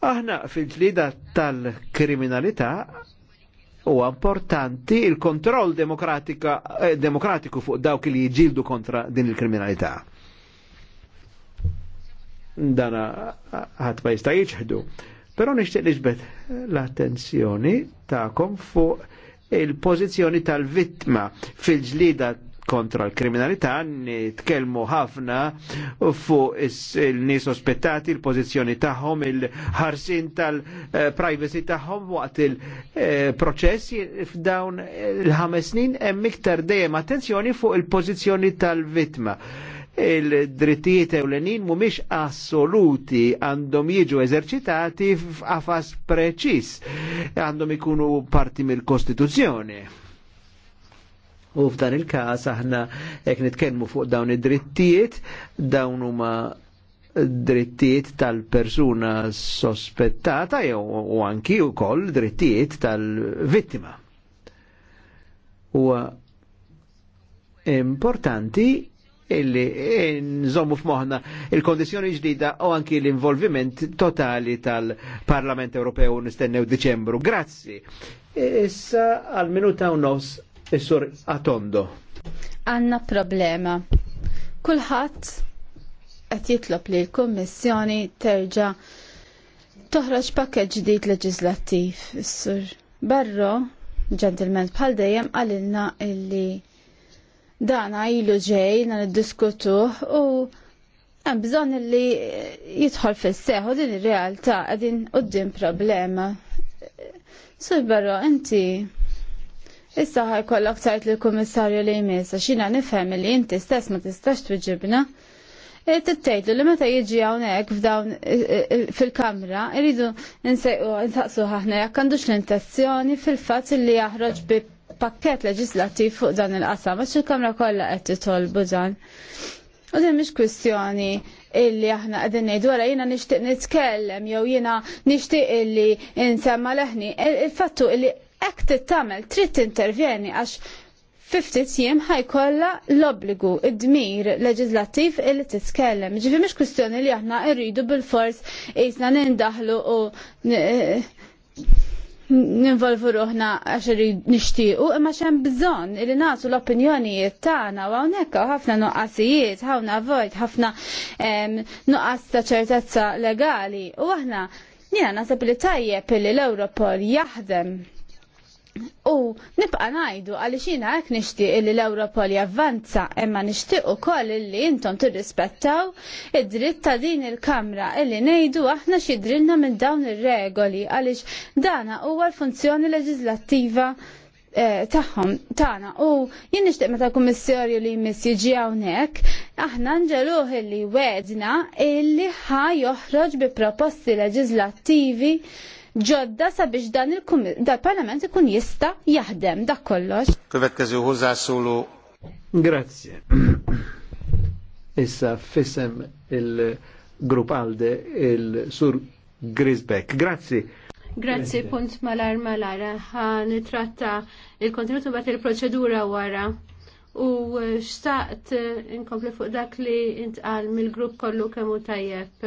Aħna fil-ġlida tal-kriminalità u importanti il-kontroll eh, demokratiku fuq dawk li jġildu kontra din il-kriminalità dana ħatma jista' jiġħdu. Però nixtieq nisbet l-attenzjoni tagħkom fuq il-pożizzjoni tal-vittma fil-ġlida kontra l-kriminalità nitkellmu ħafna fuq il-nies ospettati il-pożizzjoni tagħhom, il-ħarsin tal-privacy tagħhom waqt il-proċess f'dawn il-ħames snin hemm iktar dejjem attenzjoni fuq il-pożizzjoni tal-vittma il-drittijiet ewlenin mhumiex assoluti għandhom jiġu eżerċitati f'afas preċis, għandhom ikunu parti mill-Kostituzzjoni. U f'dan il-każ aħna jekk nitkellmu fuq dawn id-drittijiet, dawn huma drittijiet tal-persuna sospettata jew u anki wkoll drittijiet tal-vittima. Huwa importanti illi eh, nżommu f'moħna il-kondizjoni ġdida u anki l-involviment totali tal-Parlament Ewropew nistennew Deċembru. Grazzi. E, issa għal minuta u nos is-sur Atondo. Għanna problema. Kulħadd qed jitlob li l-Kummissjoni terġa' toħroġ pakket ġdid leġislattiv. Is-sur Barro, ġentilment bħal dejjem, għalilna illi Dana ilu ġej na niddiskutuh u hemm bżonn li jidħol fis-seħħ din ir-realtà qegħdin quddiem problema. Sur barro, inti issa kollok tajt lill-Kummissarju li jmiss xina nifhem li inti stess ma tistax twiġibna e, tittejdu li meta jiġi hawnhekk f'dawn e, e, fil-kamra irridu nsejqu nsaqsu ħahna jekk għandux l-intenzjoni fil-fatt li jaħroġ bi pakket leġislattiv fuq dan il-qasam, għax il-Kamra kollha qed titolbu dan. U din mhix kwistjoni illi aħna qegħdin ngħidu wara jiena nixtieq nitkellem jew jiena nixtieq illi insemma leħni. Il-fattu illi hekk tittamel trid tintervjeni għax fiftit jiem ħajkolla l-obbligu id-dmir leġislattiv illi titkellem. Ġifi mhix kwistjoni li aħna rridu bil-fors qisna nindaħlu u eh, ninvolvu ruħna għax nixtiequ imma xem bżonn il nasu l-opinjonijiet tagħna u hawnhekk ħafna nuqqasijiet, ħafna vojt, ħafna nuqqas ta' ċertezza legali u aħna jiena nasab li tajjeb li l-Europol jaħdem U nibqa ngħidu għaliex jiena hekk nixtieq li l li avvanza, imma nixtieq ukoll li intom tirrispettaw id-dritt ta' din il-Kamra illi ngħidu aħna x'idrilna minn dawn ir-regoli għaliex dana huwa l-funzjoni leġislattiva eh, tagħhom tagħna u jien nixtieq meta kummissarju li jmiss jiġi hawnhekk aħna nġeluh illi wedna illi ħa joħroġ bi proposti leġislattivi ġodda sabiex dan il-parlament ikun jista jaħdem dak kollox. Grazie. Issa fissem il-grupp Alde il-sur Grisbeck. Grazie. Grazie, punt malar malara. Ha nitratta il-kontenutu bat il-proċedura wara. U eh, xtaqt eh, inkompli fuq dak li intqal mill-grupp kollu kemmu tajjeb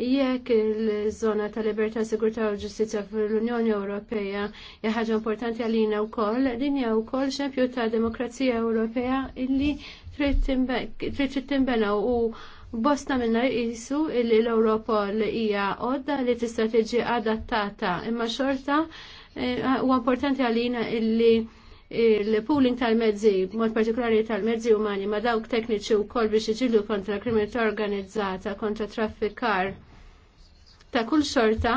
jekk il-żona ta' libertà, sigurtà u ġustizja fl-Unjoni Ewropea hija ħaġa importanti għalina wkoll, din hija wkoll xempju ta' demokrazija Ewropea illi trid timbena u Bosta minna jisu illi l li hija għodda li tista' tiġi adattata imma xorta eh, huwa importanti għalina illi il-pooling tal-mezzi, mod partikolari tal-mezzi umani, ma dawk tekniċi u kol biex iġillu kontra kriminalità organizzata, kontra traffikar ta' kull xorta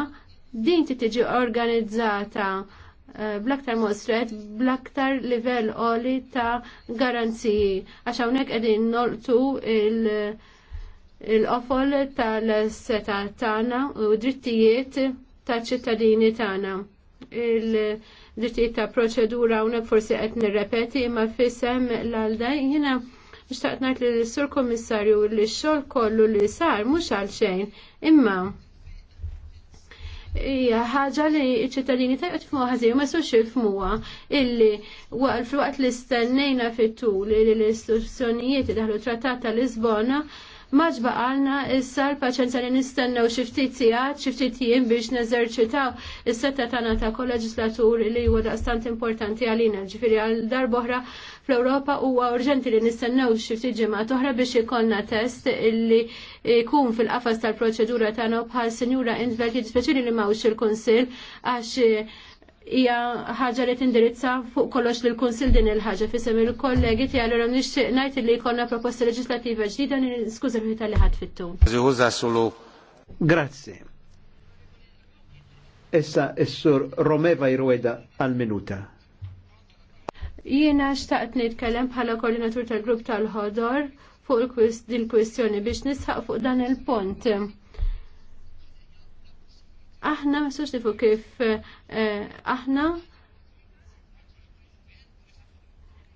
din tiġi organizzata eh, blaktar mosret, blaktar livell oli ta' garanziji. Għax hawnhekk qegħdin nolqtu il-qofol tal-seta tagħna u drittijiet ta' ċittadini tagħna. Il-drittijiet ta' proċedura hawnhekk forsi qed nirrepeti imma fissem l-għalda jiena nixtaqt ngħid li sur Kommissarju li x-xogħol kollu li sar mhux għal xejn imma hija ħaġa li ċ-ċittadini tajqu tifmuha ħażin ma sux jifmuha illi waqt li stennejna fit-tul li l-istituzzjonijiet daħlu trattat ta' Lisbona Maġba għalna issa l-paċenza li nistennew xiftit sigħat, xiftit jim biex neżerċitaw is-setta tana ta' kol leġislatur li huwa daqstant importanti għalina. ġifiri għal darb'oħra fl-Ewropa huwa urġenti li nistennew xifti ġimgħat toħra biex ikollna test illi jkun fil-qafas tal-proċedura tagħna bħal senjura Indvelt jispeċili jiġifieri li mawx il-Kunsill għax hija ħaġa li tindirizza fuq kollox lil kunsil din il-ħaġa fisem il-kollegi tiegħi allura nixtieq ngħid li jkollna proposta leġislattiva ġdida niskuża fi tal-li ħadd fit-tul. Grazzi. Issa s-sur Romeva Irweda għal-minuta. Jiena xtaqt nitkellem bħala koordinatur tal-grupp tal-ħodor fuq il-kwistjoni biex nisħaq fuq dan il pont Aħna ma sux nifu kif eh, aħna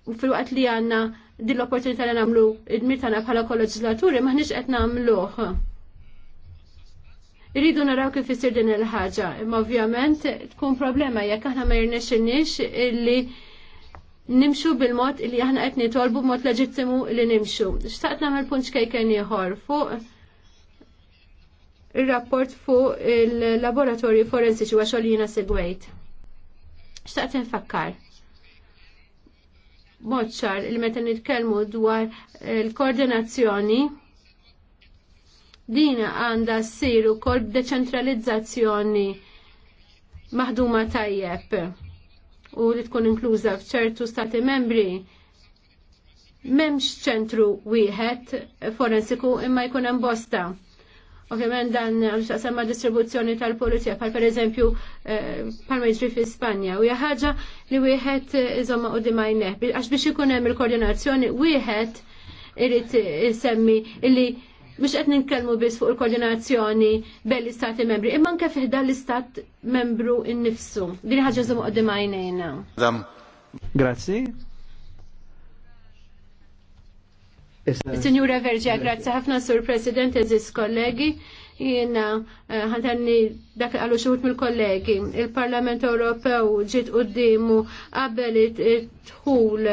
fil-waqt li għanna din l-opportunità li nagħmlu id-mir tana bħala kol-leġislaturi maħniex qed nagħmluh. Irridu naraw kif isir din il-ħaġa, imma ovvjament tkun problema jekk aħna ma il-nix illi nimxu bil-mod li aħna qed nitolbu mod leġittimu li nimxu. Xtaqt nagħmel punċ kajken jħor fuq il-rapport fuq il-laboratorju forensiċi wa xogħol segwejt. Xtaqt infakkar. Moċċar il-meta nitkellmu dwar il-koordinazzjoni din għandha ssir ukoll deċentralizzazzjoni maħduma tajjeb u li tkun inkluża f'ċertu stati membri m'hemmx ċentru wieħed forensiku imma jkun hemm bosta Ovvijament dan semma distribuzzjoni tal-polizija pal per eżempju eh, pal ma fi Spanja u ħaġa li wieħed iżomma u dimajne, għax biex ikun hemm il-koordinazzjoni wieħed irid semmi illi biex qed nitkellmu biss fuq il-koordinazzjoni bejn istati membri imma anke iħda l-istat membru in-nifsu. Din ħaġa żomma u dimajnejna. Grazzi. Signora Verġa, grazie ħafna sur President, eżis kollegi. Jiena eh, ħantenni dak li għallu xuħut mill-kollegi. Il-Parlament Ewropew ġiet qoddimu qabel it-tħul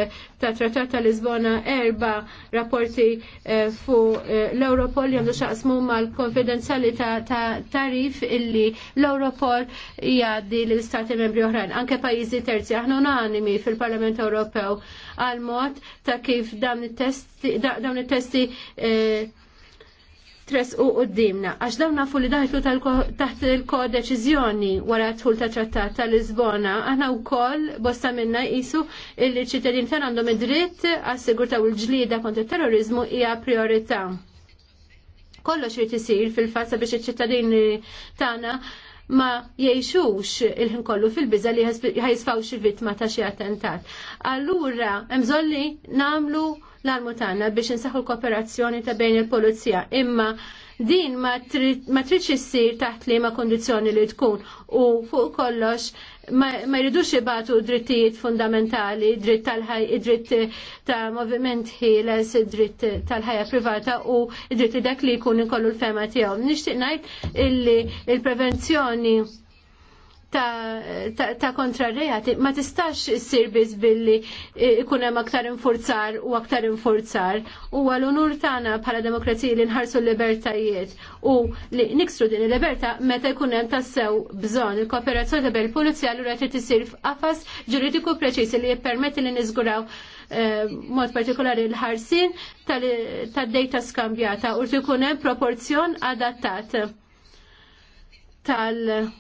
ta' Trattat ta' Lisbona erba rapporti eh, fu eh, l-Europol li għandu xaqsmu mal-konfidenzjalità ta' tarif illi l-Europol jgħaddi l istati membri oħrajn. Anke pajjiżi terzi aħna unanimi fil-Parlament Ewropew għal mod ta' kif dawn it-testi tres u qoddimna, għax dawn nafu li daħlu taħt il-kodeċizjoni wara tħul ta' trattat ta' Lisbona, għana u koll bosta minna jisu il-ċittadin tan għandhom id-dritt għas-sigurta u l-ġlida kontra terrorizmu hija priorità. Kollox irid isir fil fassa biex iċ-ċittadini tagħna ma jiexux il-ħin kollu fil biza li ħajsfawx il-vittma ta' xi attentat. Allura hemm namlu l-almutanna biex nsaħu l-kooperazzjoni ta' bejn il-polizija. Imma din ma tridx issir taħt li ma kondizjoni li tkun u fuq kollox ma jridux jibatu drittijiet fundamentali, dritt tal-ħaj, dritt ta' moviment ħieles, dritt tal-ħajja privata u dritt dak li jkun ikollu l-fema tiegħu. Nixtieq ngħid il prevenzjoni ta' kontrarrejati ma tistax issir biz billi eh, ikun hemm aktar infurzar u aktar infurzar u għal-unur tagħna bħala demokrazija li nħarsu l-libertajiet u li niksru din il-libertà meta jkun hemm tassew bżonn il-kooperazzjoni ta' il-pulizija l qed isir f'qafas ġuridiku preċiżi li jippermetti li niżguraw eh, mod partikolari l-ħarsin tad-dejta skambjata u jkun hemm proporzjon adattat tal-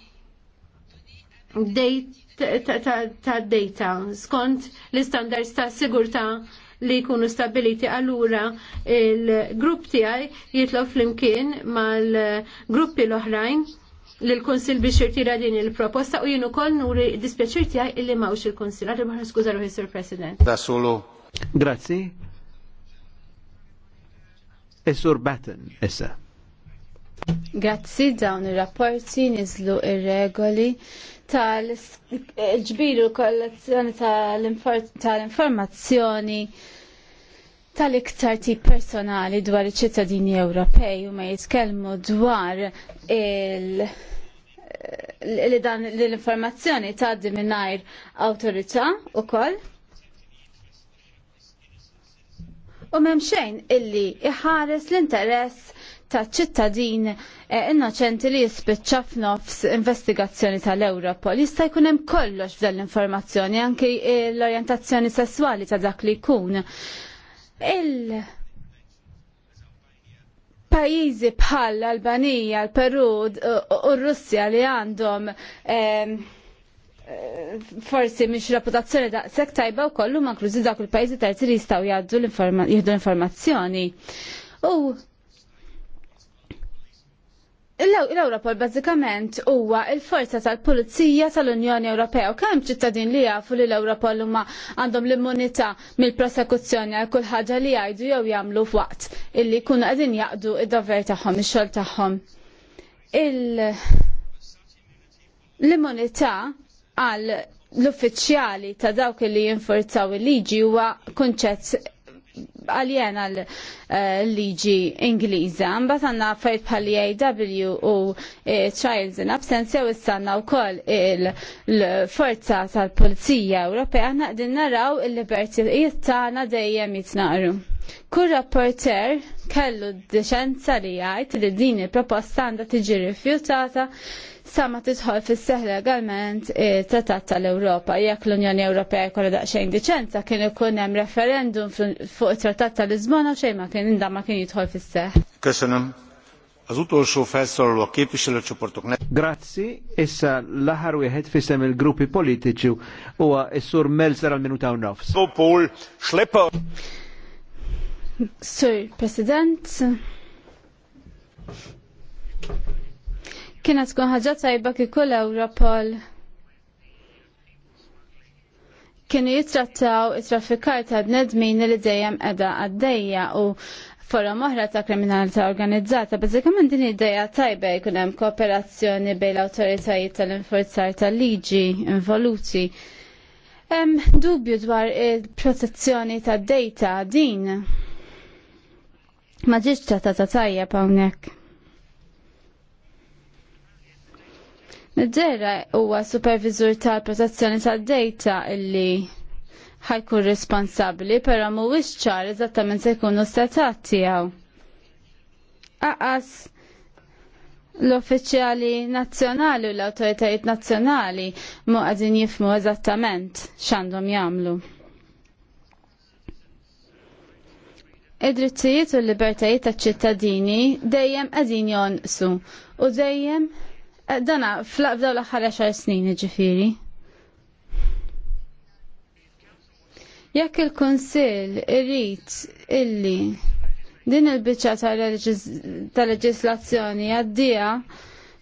ta' data skont l-istandards ta' sigurta li jkunu stabiliti allura il-grupp tiegħi jitlob flimkien mal-gruppi l-oħrajn l-konsil biex jirtira din il-proposta u jienu kol nuri dispieċir tiegħi illi mawx il-konsil. Għadri maħna skuza ruħi, Sir President. Da solo. Grazie. Esur Batten, issa. Grazzi dawn ir-rapporti niżlu ir-regoli tal-ġbiru kollezzjoni tal-informazzjoni tal-iktar tip personali dwar iċ-ċittadini Ewropej u ma jitkellmu dwar il- li dan l-informazzjoni tgħaddi mingħajr awtorità wkoll. U m'hemm xejn illi iħares l-interess ta' ċittadin eh, innoċenti li jispiċċa f'nofs investigazzjoni tal-Europol. Jista' jkun hemm kollox f'dan l-informazzjoni, anke l-orjentazzjoni sessuali ta' dak li jkun. Il pajizi bħal Albanija, l-Peru u r-Russja li għandhom ehm, forsi miex reputazzjoni da' sek tajba u kollu ma' klużi dak il-pajizi terzi li jistaw jgħaddu l-informazzjoni. U l ewropol bazzikament huwa il-forza tal-Pulizija tal-Unjoni Ewropea u kemm ċittadin li jafu li l ewropol huma għandhom l-immunità mill-prosekuzzjoni għal kull ħaġa li jgħidu jew jagħmlu f'waqt illi jkunu qegħdin jaqdu id-dover tagħhom, ix-xogħol tagħhom. L-immunità għal l-uffiċjali ta' dawk li jinforzaw il-liġi huwa kunċett għaljena għal eh, liġi Ingliża. Mbagħad għandna affarijiet bħal EAW u eh, Trials in Absence jew issanna wkoll il-forza tal-Pulizija Ewropea aħna qegħdin naraw il-libertijiet tagħna dejjem jitnaqru. Kull rapporter kellu d-deċenza li jgħid li din il-proposta għandha tiġi rifjutata Sama tidħol fis-seħħ legalment tratat tal-Ewropa. Jekk l-Unjoni Ewropea jkollha daqsxejn diċenza kien ikun hemm referendum fuq it-Tratat tal-Lisbona xejn ma kien inda ma kien jidħol fis-seħħ. Az a Grazzi, issa l-aħar wieħed fisem il-gruppi politiċi huwa s-sur Melzer għal-minuta u nofs. Popol, Sir President, Kienet tkun ħaġa tajba kull Europol kienu jitrattaw it-traffikar ta' bnedmin li dejjem edha għaddejja u forra oħra ta' kriminalità organizzata, bażikament din id-dejja tajba jkun hemm kooperazzjoni bejn l-awtoritajiet tal-infurzar tal-liġi involuti. Hemm dubju dwar il-protezzjoni tad-dejta din ma ġiġ ta' ta' tajjeb hawnhekk. Dera huwa supervizur tal-protezzjoni tad-data illi ħajkun responsabli, pero mhuwiex ċar eżattament se jkunu statat tiegħu. Aqas l-uffiċjali nazzjonali u l-awtoritajiet nazzjonali mu għadin jifmu eżattament x'għandhom jagħmlu. Id-drittijiet u l-libertajiet taċ-ċittadini dejjem qegħdin jonqsu u dejjem Eh, dana, fl-aqbdaw l-axħar 10 snin ġifiri. Jekk il-Konsil irrit illi din il-bicċa tal-leġislazzjoni għaddija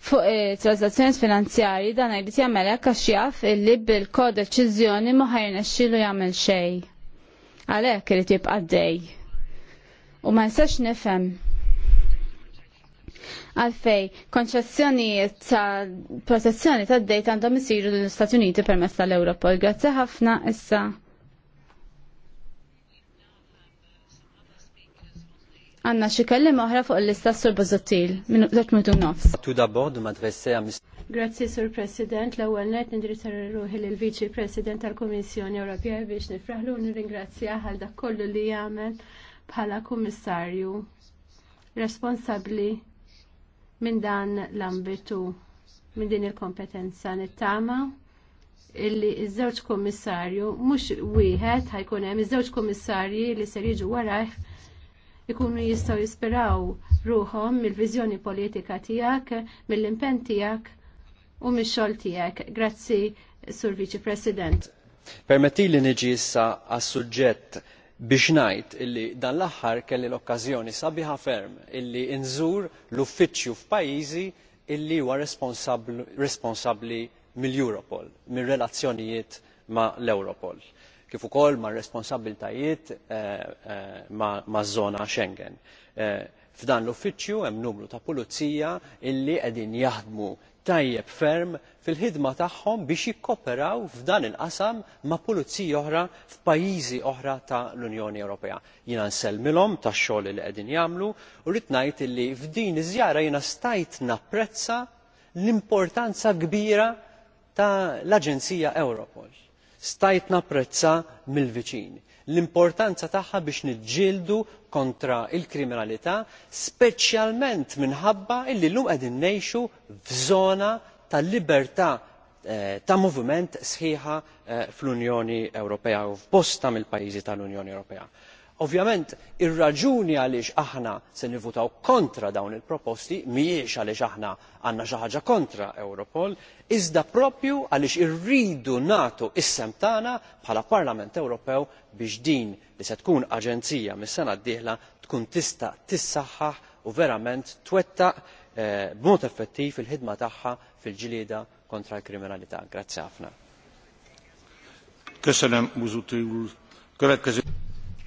fuq transazzjoni finanzjari dan jrid jagħmel hekk għax jaf illi bil-kodeċiżjoni ma ħajnexxielu jagħmel xejn. Għalhekk irid jibqa' dej. U ma nistax nifhem għalfej konċessjonijiet ta' protezzjoni ta' dejt għandhom isiru l-Istati Uniti permezz tal europa Grazzi ħafna issa. Għanna xi kellim oħra fuq l-lista sur Bazzottil. minn żewġ nofs. Tu dabord madresse għam Grazzi Sur President, l-ewwel net indirizzar ruħi l Viċi President tal-Kummissjoni Ewropea biex nifraħlu nirringrazzja għal dak kollu li jagħmel bħala kummissarju responsabbli minn dan l-ambitu minn din il-kompetenza nittama illi iż-żewġ kommissarju mhux wieħed ħajkun hemm iż-żewġ kommissarji li ser jiġu warajh ikunu jistgħu jispiraw ruhom mill-viżjoni politika tiegħek, mill-impenn tiegħek u mix-xogħol tiegħek. Grazzi, Sur Viċi President. Permetti li niġi issa għas-suġġett biex ngħid illi dan l-aħħar kelli l-okkażjoni sabiħa ferm illi nżur l-uffiċċju f'pajjiżi illi huwa responsabbli mill-europol mir-relazzjonijiet ma' l-europol kif ukoll mar responsabiltajiet eh, eh, maż-żona schengen. Eh, f'dan l-uffiċċju hemm numru ta' pulizija illi qegħdin jaħdmu tajjeb ferm fil-ħidma tagħhom biex jikkoperaw f'dan il-qasam ma' pulizija oħra f'pajjiżi oħra tal unjoni ewropea. jiena nsellmilhom tax-xogħol li qegħdin jagħmlu u rrid ngħid li f'din iż-żjara jiena stajt napprezza l-importanza kbira tal-aġenzija europol stajt napprezza mill viċin l-importanza tagħha biex niġġieldu kontra l kriminalità speċjalment minħabba li llum qegħdin ngħixu f'żona ta' libertà eh, ta' moviment sħiħa eh, fl-unjoni ewropea u f'bosta mill pajjiżi tal unjoni ewropea. Ovvjament, ir-raġuni għaliex aħna se nivvutaw kontra dawn il-proposti mhijiex għaliex aħna għandna xi ħaġa kontra Europol, iżda proprju għaliex irridu nagħtu is-sem tagħna bħala Parlament Ewropew biex din li se tkun aġenzija mis-sena d-dieħla tkun tista' tissaħħaħ u verament twettaq eh, b'mod effettiv il-ħidma tagħha fil-ġlieda kontra l-kriminalità. Grazzi ħafna.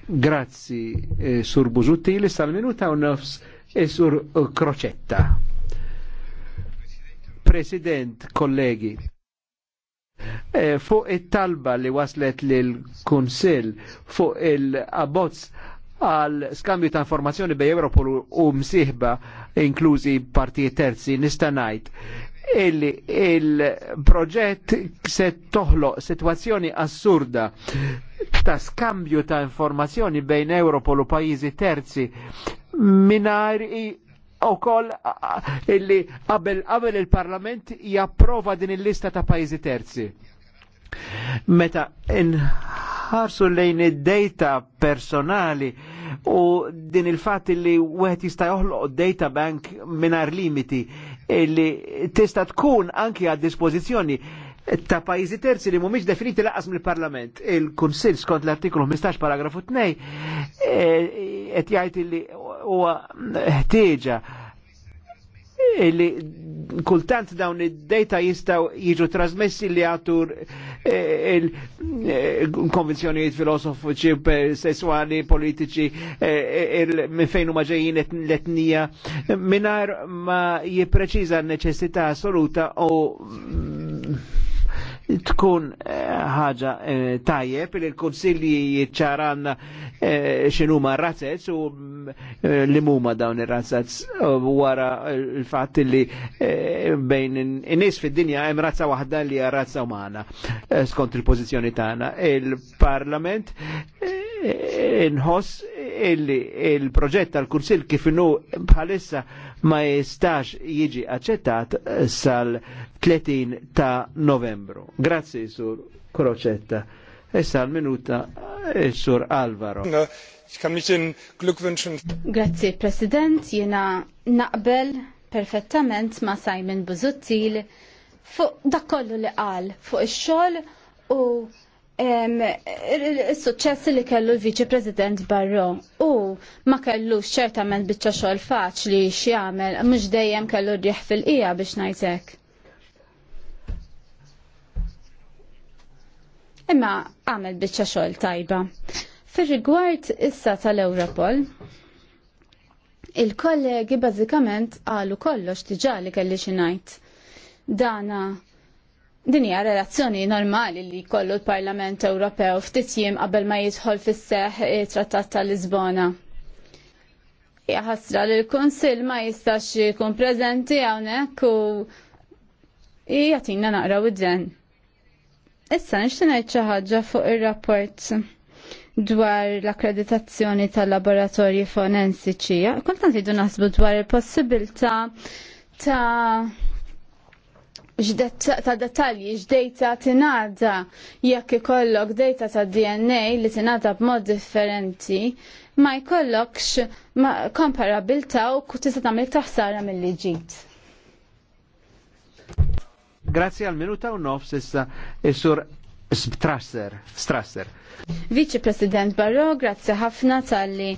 Grazzi, eh, Sur Busuttili, salminuta sal-minuta u nofs e Sur eh, Crocetta. President, kollegi, e, fuq it-talba li waslet l-Kunsil fuq il-abbozz għal skambju ta' informazzjoni bej Europol u msiħba inklużi partijiet terzi nistanajt il-proġett se toħlo situazzjoni assurda ta' skambju ta' informazzjoni bejn Europol u pajjiżi terzi minar u koll illi qabel il-Parlament japprova din il-lista ta' pajjiżi terzi. Meta inħarsu lejn id-data personali u din il-fat li wieħed jista' joħloq data bank minar limiti li tista' tkun anki għad dispożizzjoni ta' pajjiżi terzi li mhumiex definiti laqas mill-Parlament. Il-Kunsill skont l artiklu 15 paragrafu 2 eh, qed jgħid li huwa ħtieġa li kultant dawn id-data jistaw jiġu trasmessi li għatur eh, il-konvenzjonijiet eh, filosofiċi, sessuali, politiċi, eh, minn fejn huma ġejjin l-etnija, minar ma jipreċiza n neċessita assoluta u mm, tkun eh, ħaġa eh, tajjeb li l-Kunsilli jiċċaran eh, x'inhuma razzez u li muma dawn ir-razzez wara l-fatt li bejn in-nies fid-dinja hemm razza waħda li hija razza umana skont il-pożizzjoni tagħna. Il-Parlament inħoss il-proġett tal-Kunsill kif inhu bħalissa ma jistax jiġi accettat sal-30 ta' novembru. Grazzi, Sur Crocetta. Issa l-minuta, eh, Sur Alvaro. Grazzi, President, jena naqbel perfettament ma' Simon Buzuttil fuq dak kollu li qal fuq ix-xogħol u il-suċċess li kellu l-Viċi President Barro u ma kellu ċertament biċċa xogħol faċli xiamel, mhux dejjem kellu rrieħ fil-qija biex ngħidlek. Imma għamel biċċa xogħol tajba. Fir-rigward issa tal-Europol, il-kollegi bażikament qalu kollox diġà li kelli xinajt. ngħid. Dana Din hija relazzjoni normali li jkollu l-Parlament Ewropew ftit jiem qabel ma jidħol fis-seħ it-Trattat ta' Lisbona. Hija ħasra li l-Kunsill ma jistax jkun preżenti hawnhekk u jagħtina naqraw id Issa nixtie ngħid xi ħaġa fuq ir-rapport dwar l-akkreditazzjoni tal-laboratorji fonensiċi. Kultant idu naħsbu dwar il-possibilità ta' ta' dettalji x'dejta tinada jekk ikollok dejta ta' DNA li tinada b'mod differenti ma jkollokx komparabilta u tista' mil taħsara mill-li ġid. Grazzi għal minuta u nofs issa e sur Strasser. Strasser. Viċi President Barro, grazzi ħafna tal-li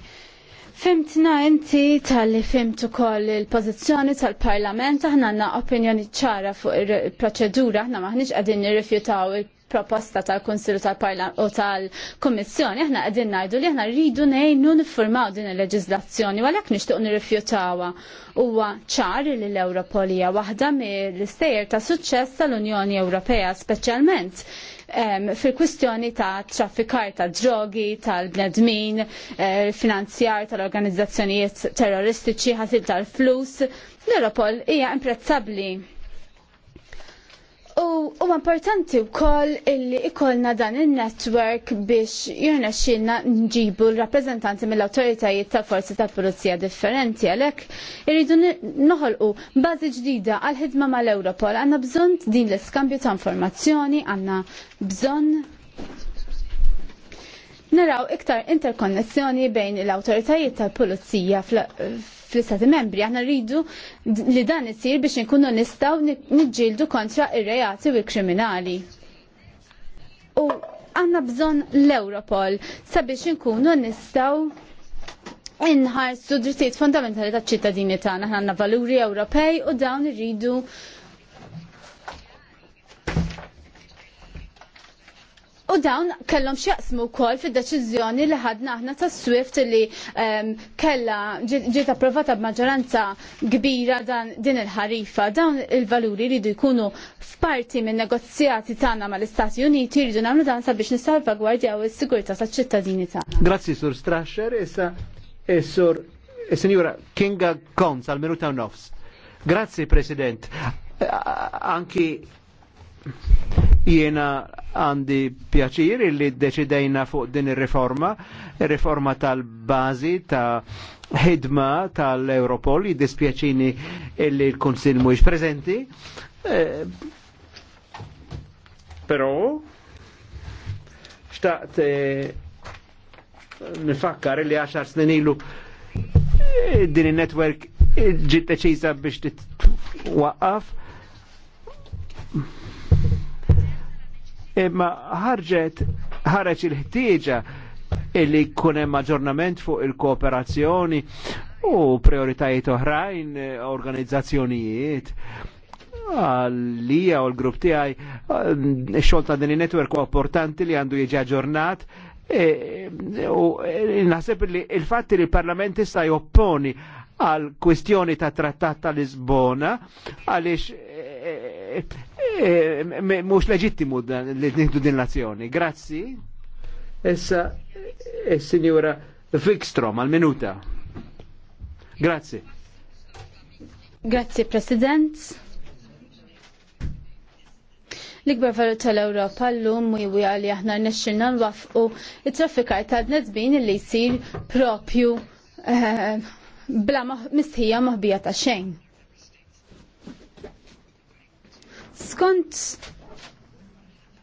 Fimtna inti tal-li fimtu koll il-pozizjoni tal-parlament, aħna għanna opinjoni ċara fuq il-proċedura, aħna maħniġ għadin nirrifjutaw il-proposta tal-Konsilu tal-Parlament u tal-Kommissjoni, aħna għadin najdu li aħna rridu nejnu niffurmaw din il-leġizlazzjoni, għalek nishtuq nirrifjutawa. Huwa ċar li l-Europolija waħda mill-istejjer ta' suċċess tal-Unjoni Ewropea, speċjalment fil-kwistjoni ta' traffikar ta' drogi, tal-bnedmin, eh, finanzjar tal-organizzazzjonijiet terroristiċi, ħasil tal-flus. L-Europol hija imprezzabbli U huwa importanti wkoll illi ikollna dan il-network biex jirna xinna nġibu l-rappreżentanti mill-awtoritajiet ta' forzi ta' pulizija differenti għalhekk irridu noħolqu bażi ġdida għal ħidma mal-Europol għandna bżonn din l-iskambju ta' informazzjoni għandna bżonn naraw iktar interkonnessjoni bejn l-awtoritajiet tal-pulizija fl fl-istati membri. Aħna rridu li dan isir biex nkunu nistaw nġildu kontra ir-reati u l-kriminali. U għanna bżon l-Europol sabiex nkunu nistaw inħarsu drittijiet fundamentali taċ ċittadini tagħna. għanna għandna valuri Ewropej u dawn irridu U dawn kellhom x'jaqsmu wkoll fid-deċiżjoni li ħadna aħna ta' Swift li ehm, kellha ġiet approvata b'maġġoranza kbira dan din il-ħarifa. Dawn il-valuri jridu jkunu f'parti minn negozjati tagħna mal-Istati Uniti jridu nagħmlu dan sabiex nissalvagwardjaw is-sigurtà taċ-ċittadini tagħna. Grazzi Sur Strasher, issa is-Sur e, e, Signora Kinga Konz għal minuta nofs. Grazzi President. Anki Jiena għandi pjaċir li deċidejna fuq din ir-riforma, riforma ir tal-bazi ta' ħidma tal-Europol, dispjaċini illi l kunsil mhuwiex preżenti. Eh, però xtaqt eh, nifakkar li 10 snin ilu eh, din il-network ġiet deċiża biex titwaqqaf imma ħarġet ħareġ il-ħtieġa illi kunem aġġornament fuq il-kooperazzjoni u prioritajiet oħrajn, eh, organizzazzjonijiet għallija u l-grupp tijaj eh, xol ta' din network u importanti li għandu jieġi ġornat eh, u naħseb li il-fatti li l-parlament jista' jopponi għal kwistjoni ta' trattat ta' Lisbona għaliex Eh, eh, eh, mux leġittimu li nihdu din l-azzjoni. Grazzi. Essa, signora Fikstrom, għal-minuta. Grazzi. Grazzi, President. L-ikbar valuta tal-Europa l-lum u jwi għalli aħna nesċinna nwafqu il-traffikar tal-nedbin li jisir propju bla mistħija maħbija ta' xejn. Skont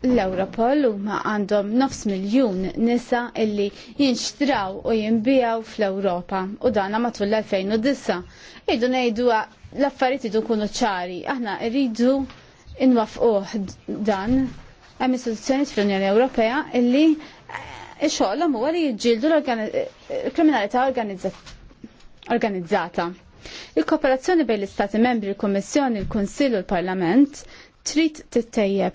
l-Europol huma għandhom nofs miljun nisa illi jinxtraw u jinbijaw fl-Ewropa u dana matul l-2009. Irdu nejdu l-affarijiet idu kunu ċari, aħna rridu inwafquh dan hemm istituzzjonijiet fl-Unjoni Ewropea illi eh, xogħolhom huwa li jiġġieldu l-kriminalità eh, organizzata. Il-kooperazzjoni bejn l-Istati membri, il-Kommissjoni, il-Kunsill u l-Parlament trid tittejjeb.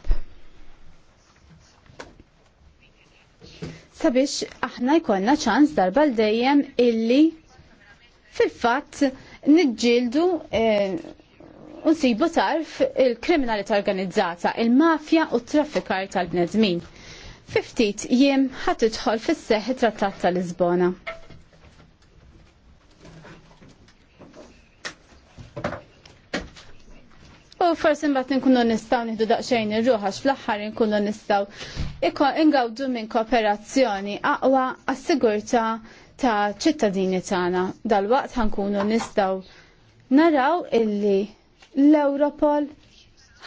Sabiex aħna jkollna ċans darba l dejjem illi fil-fatt niġġieldu eh, unsibu tarf il-kriminalità organizzata, il-mafja u traffikar tal-bnedmin. Fiftit jiem ħat idħol fis-seħħ trattat tal-Lisbona. U forsi mbagħad nkunu nistgħu nieħdu daqsxejn ir-ruħax fl-aħħar nkunu nistgħu ingawdu minn kooperazzjoni aqwa għas-sigurtà ta' ċittadini tagħna. Dalwaqt ħankunu nistgħu naraw illi l-Europol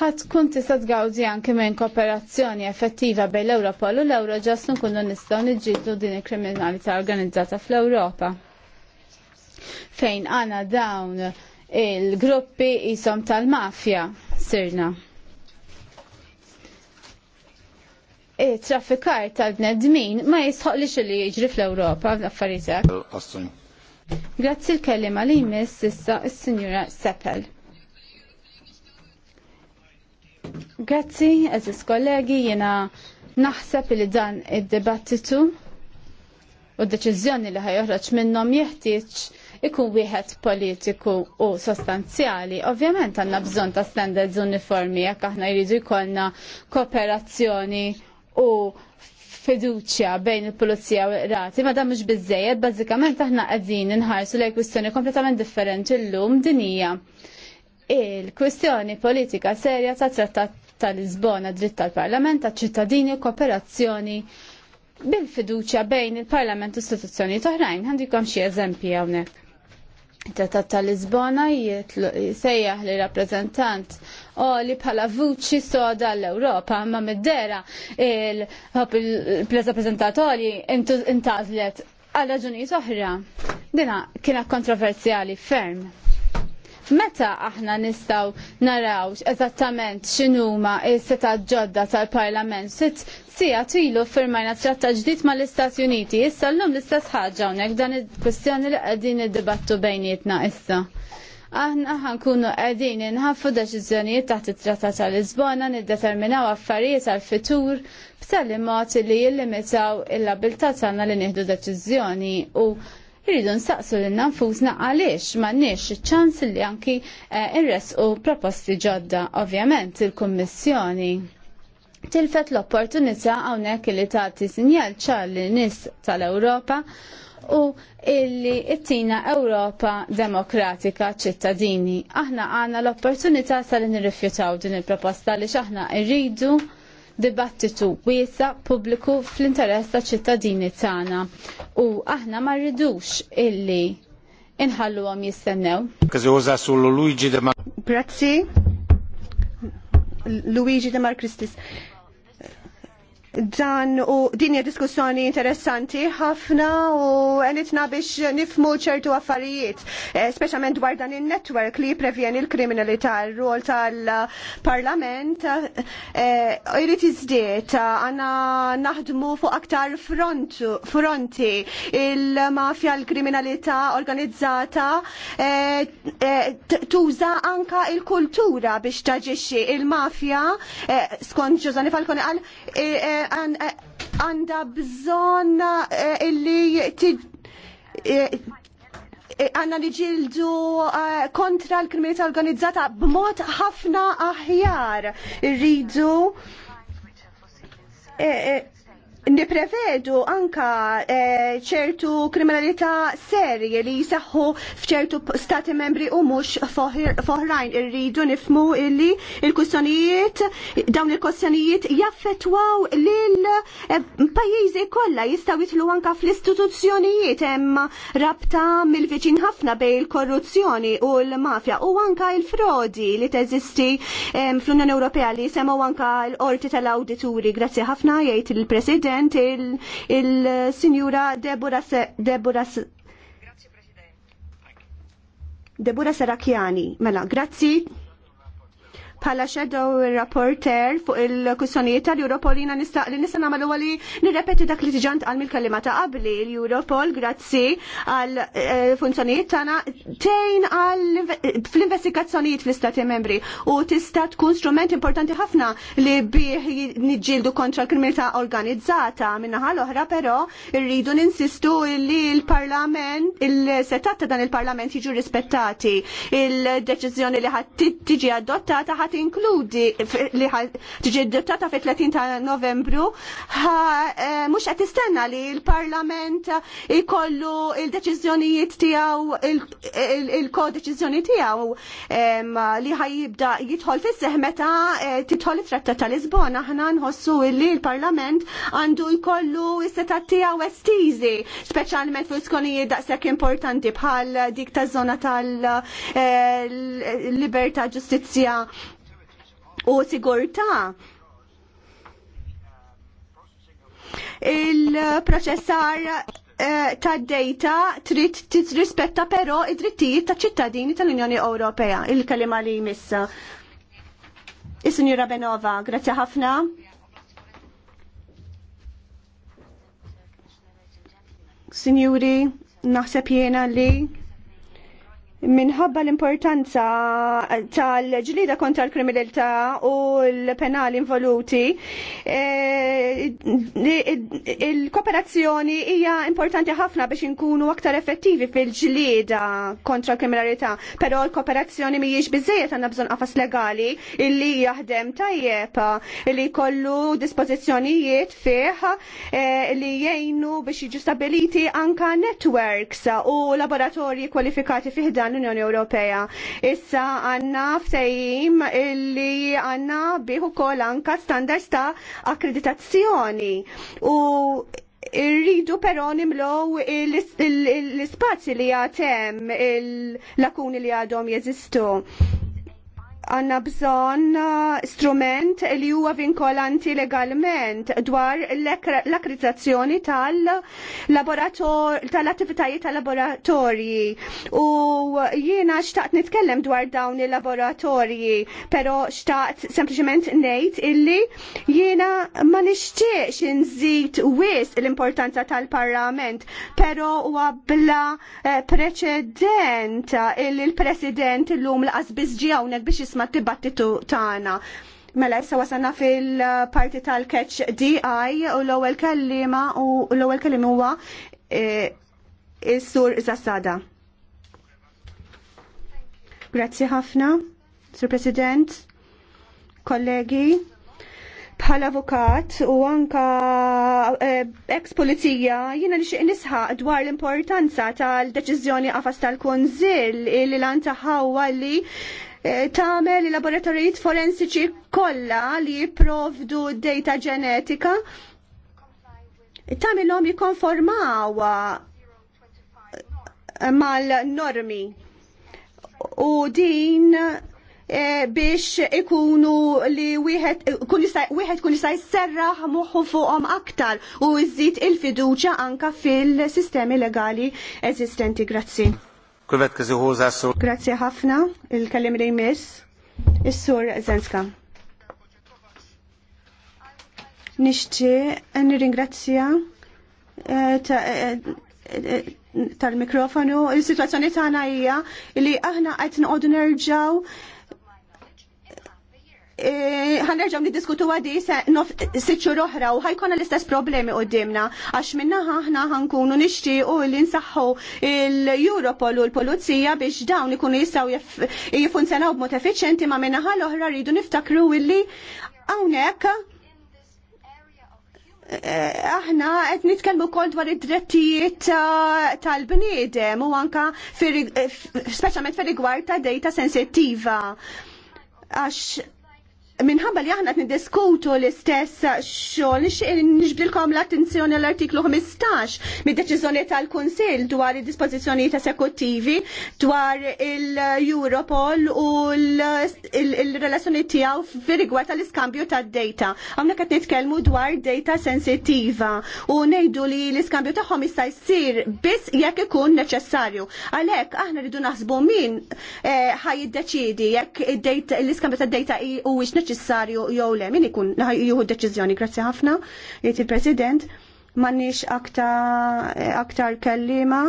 ħat kun tista' tgawdi anke minn kooperazzjoni effettiva bejn l-Europol u l-Eurojust nkunu nistgħu niġġieldu din il-kriminalità organizzata fl-Ewropa. Fejn għana dawn il-gruppi jisom tal-mafja sirna. traffikar tal-bnedmin ma jisħoq li xilli jiġri fl-Europa f'affaritek. Grazzi l-kellima li jmiss issa il-Sinjura Seppel. Grazzi, eżis kollegi, jena naħseb li dan id-debattitu u d-deċizjoni li ħajħraċ minnom jeħtieġ ikun wieħed politiku u sostanzjali. Ovvjament għandna bżonn ta' standards uniformi jekk aħna jridu jkollna kooperazzjoni u fiduċja bejn il-pulizija u rati, ma dan mhux biżejjed, bażikament aħna qegħdin inħarsu lejn kwistjoni kompletament differenti llum din hija. Il-kwistjoni politika serja ta' trattat tal-Lisbona dritt tal-Parlament ta' ċittadini u kooperazzjoni bil-fiduċja bejn il-Parlament u istituzzjoni toħrajn. Għandikom xi eżempji hawnhekk. Trattat ta' Lisbona jisejjaħ li rappresentant o li bħala vuċi soda l-Europa, ma middera il-rappresentatori intazlet għal raġunijiet oħra. Dina kiena kontroversjali ferm. Meta aħna nistaw narawx eżattament x'inhuma s-seta ġodda tal-Parlament sitt sija twilu firmajna tratta ġdid mal-Istati Uniti. Issa llum l-istess ħaġa hawnhekk dan il-kwestjoni li qegħdin iddibattu bejnietna issa. Aħna ħankunu qegħdin inħaffu deċiżjonijiet taħt it-Trattat tal-Lisbona niddeterminaw affarijiet għall futur b'tali mod li jillimitaw il-abilità tagħna li nieħdu deċiżjoni u irridu nsaqsu l nfusna għalix m'għandniex iċ-ċans li anki eh, u proposti ġodda, ovvjament il-Kummissjoni. Tilfet l-opportunità hawnhekk li tagħti sinjal ċar lin nies tal-Ewropa u illi ittina Ewropa demokratika ċittadini. Aħna għana l-opportunità sal nirrifjutaw din il-proposta li xaħna irridu dibattitu wiesa pubbliku fl-interess ta' ċittadini tagħna. U aħna ma rridux illi inħallu għom jistennew. Grazzi. Luigi De Mar Marcristis dan u dinja diskussjoni interessanti ħafna u għenitna biex nifmu ċertu affarijiet, specialment dwar dan il-network li previeni l-kriminalità, il-rol tal-parlament, eh, irrit izdiet, għana naħdmu fuq aktar fronti il-mafja l-kriminalità organizzata eh, eh, tuża anka il-kultura biex taġixxi il-mafja eh, skont Giuseppe Falcone qal eh, eh, għandha bżonn illi għanna li kontra l-kriminalità organizzata b'mod ħafna aħjar. Rridu niprevedu anka eh, ċertu kriminalità serje li jisaxħu fċertu stati membri u mux foħrajn irridu nifmu illi il-kustonijiet, dawn il-kustonijiet jaffetwaw lil eh, pajjiżi kollha jistgħu jitlu anka fl-istituzzjonijiet hemm rabta mill-viċin ħafna bej il-korruzzjoni u l-mafja u anka il-frodi li teżisti eh, fl-Unjoni Ewropea li semgħu anka l-qorti tal-awdituri. Grazzi ħafna jgħid il-President President, il il signora Deborah, Se Deborah Se Deborah Seracchiani. mela, grazie. Pala shadow rapporter fuq il-kussjonijiet tal-Europol jina nista' li nista' nagħmlu li nirrepeti dak li tiġant għal mill-kelima ta' qabli l-Europol grazzi għal eh, funzjonijiet tagħna tejn għal fl-investigazzjonijiet fl-Istati membri u tista' tkun strument importanti ħafna li bih niġġieldu kontra l-kriminalità organizzata minnaħa l-oħra però rridu ninsistu li l-Parlament il-setat ta' dan il-Parlament jiġu rispettati il-deċiżjoni li ħadd tiġi adottata ħadd tinkludi li tiġi ddottata fit-30 ta' Novembru eh, mhux qed tistenna li l-Parlament ikollu il-deċiżjonijiet tiegħu il-kodeċiżjoni tiegħu li ħajibda jidħol fis seħħ meta eh, tidħol it-Trattat ta' Lisbona aħna nħossu li l-Parlament għandu jkollu is setat tiegħu estiżi, speċjalment fuq skonijiet daqshekk importanti bħal dik taż-żona tal-libertà eh, ġustizzja u sigurtà il-proċessar eh, ta' data trid tirrispetta però id-drittijiet ta' ċittadini tal-Unjoni Ewropea, il-kelima li jmissa. Is-Sinjura Benova, grazzi ħafna. Sinjuri, naħseb jiena li minħabba l-importanza tal-ġlida kontra l-kriminalità u l-penali involuti, e, il-kooperazzjoni hija importanti ħafna biex inkunu aktar effettivi fil-ġlida kontra l-kriminalità, però l-kooperazzjoni mhijiex biżejjed għandna bżonn qafas legali illi jaħdem tajjeb li kollu dispożizzjonijiet fih e, li jgħinu biex jiġu stabiliti anka networks u laboratorji kwalifikati fih dan tal-Unjoni Ewropea. Issa għanna ftejim illi għanna biħu kol anka standards ta' akkreditazzjoni u irridu però nimlow l ispazji li għatem l lakuni li għadhom jeżistu għanna bżon eh, strument li huwa vinkolanti legalment dwar l-akkreditazzjoni tal-attivitajiet tal-laboratorji. U jiena xtaqt nitkellem dwar dawn il-laboratorji, pero xtaqt sempliciment nejt illi jiena ma nixtiex nżid wis l-importanza tal-parlament, pero huwa bla eh, preċedent l president l-lum l-qasbiż ġi biex nisma t-tibattitu tagħna. Mela issa wasanna fil-parti tal-catch DI u l-ewwel kellima u l-ewwel kellim huwa e, is-sur Zassada. Grazzi ħafna, Sur President, kollegi bħal avukat u anka e, ex pulizija jiena li xie nisħaq dwar l-importanza tal-deċiżjoni għafas tal-Kunżill li lan taħawa li Eh, tagħmel il-laboratorijiet forensiċi kollha li jipprovdu data ġenetika tagħmilhom jikkonformaw eh, mal-normi u din eh, biex ikunu li wieħed kun jista' jserraħ moħħu fuqhom aktar u jżid il-fiduċja anka fil-sistemi legali eżistenti. Grazzi. Grazie ħafna, il-kellim li jmiss, is sur Zenska. Nixti eh, ringrazzja eh, eh, tal-mikrofonu. Il-situazzjoni tagħna hija li aħna qed noqogħdu nerġaw li eh, diskutu għadi sitxu oħra u ħajkonna l-istess problemi dimna għax minna ħahna ħankunu nixtiequ li insaxħu l-Europol u l-Polizija biex dawn ikunu jistaw jifunzjonaw b'mod effiċenti ma minna ħal oħra rridu niftakru illi hawnhekk eh, aħna qed nitkellmu wkoll dwar id-drettijiet eh, tal-bniedem u anka speċjalment fir-rigward ta' dejta sensittiva għax Minħabba li aħna niddiskutu l-istess xogħol nixbdilkom l-attenzjoni l-artiklu 15 mid-deċiżjoni tal-Kunsill dwar id-dispożizzjonijiet esekuttivi dwar il-Europol u l-relazzjoni tiegħu f'rigward tal-iskambju tad-data. Għamna qed nitkellmu dwar data sensittiva u ngħidu li l-iskambju tagħhom jista' jsir biss jekk ikun neċessarju. Għalhekk aħna rridu naħsbu min eh, ħaj jiddeċiedi jekk l-iskambju tad-data huwiex neċessarju jew le min ikun jieħu deċiżjoni. Grazzi ħafna, jgħid il-President, m'għandniex aktar kellima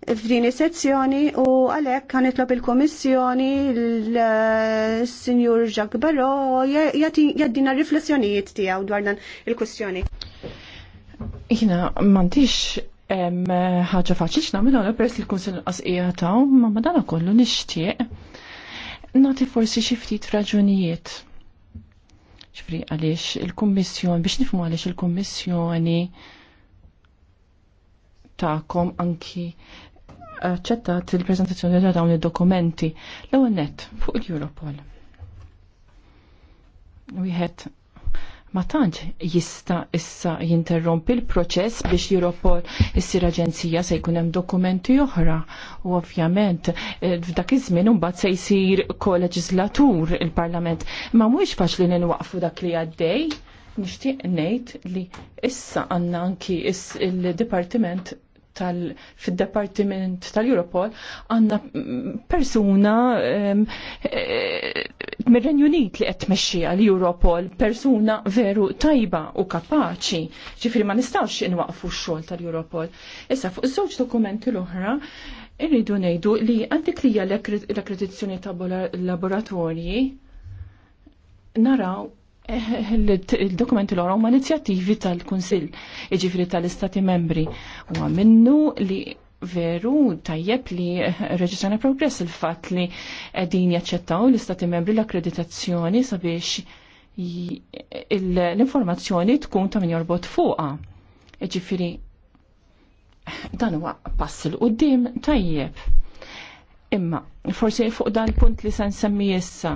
f'din is-sezzjoni u għalhekk kan nitlob il-Kummissjoni l-Sinjur Jacques Barro jaddina riflessjonijiet tiegħu dwar dan il-kwestjoni. Jiena m'għandix ħaġa faċiċ nagħmel għal peress il-Kunsill qasqija taw, ma madana kollu nixtieq nagħti forsi xi ftit raġunijiet ċifri għaliex il-Kummissjoni, biex nifmu għaliex il-Kummissjoni ta'kom anki ċettat il-prezentazzjoni ta' dawn id-dokumenti. L-ewwel fuq il-Europol. Wieħed ma tantx jista issa jinterrompi l-proċess biex Jiropol issir aġenzija se jkun hemm dokumenti oħra. U ovvjament eh, f'dak iż-żmien imbagħad se jsir koleġislatur il-Parlament. Ma mhuwiex faċli nwaqfu dak li għaddej. Nixtieq ngħid li issa għandna anki il-Dipartiment tal fil-Departiment tal-Europol għanna persuna eh, mir-Renju Unit li qed tmexxi għal Europol, persuna veru tajba u kapaċi. Ġifieri ma nistgħux inwaqfu x-xogħol tal-Europol. Issa fuq żewġ dokumenti l-oħra irridu ngħidu li għandik li hija l-akkredizzjoni ta' laboratorji naraw il-dokumenti l huma inizjattivi tal-Kunsill, iġifri tal-Istati membri. U minnu li veru tajjeb li reġistrana progress il-fat li din jaċċettaw l-Istati membri l-akkreditazzjoni sabiex l-informazzjoni tkun ta' min jorbot fuqa. Iġifiri, dan huwa pass il-qoddim tajjeb Imma, forsi fuq dan punt li san semmi jessa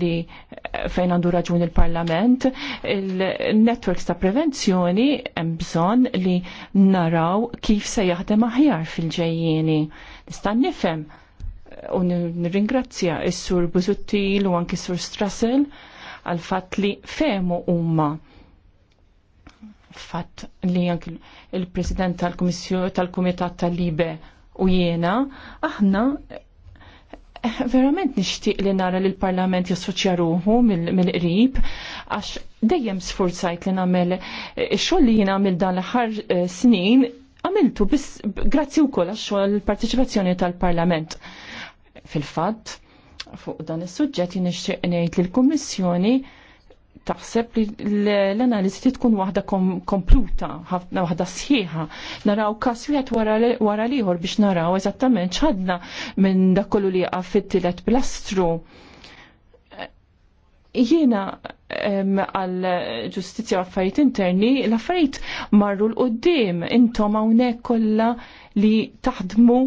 li eh, fejn għandu raġun il-parlament, il-networks ta' prevenzjoni bżon li naraw kif se jaħdem aħjar fil-ġejjieni. Nistan nifem eh, u nirringrazzja is-sur Buzuttil u anki sur Strassel għal fatt li femu umma fatt li anki il-president tal-Kumitat tal-Libe u jiena, aħna verament nixtieq li nara li l-Parlament jissoċja ruħu mill-qrib, għax dejjem sfurzajt li nagħmel ix-xogħol eh, li jien għamil dan l-aħħar eh, snin għamiltu biss grazzi wkoll għax l-partiċipazzjoni tal-Parlament. Fil-fatt, fuq dan is-suġġett jien nixtieq ngħid lill-Kummissjoni taħseb li l-analizi tkun waħda kompluta, ħafna waħda sħiħa. Naraw kas wieħed wara liħor biex naraw eżattament ċadna minn dak kollu li jaqa' fit-tielet pilastru. Jiena għal ġustizzja u affarijiet interni, l-affarijiet marru l-qoddim intom hawnhekk kollha li taħdmu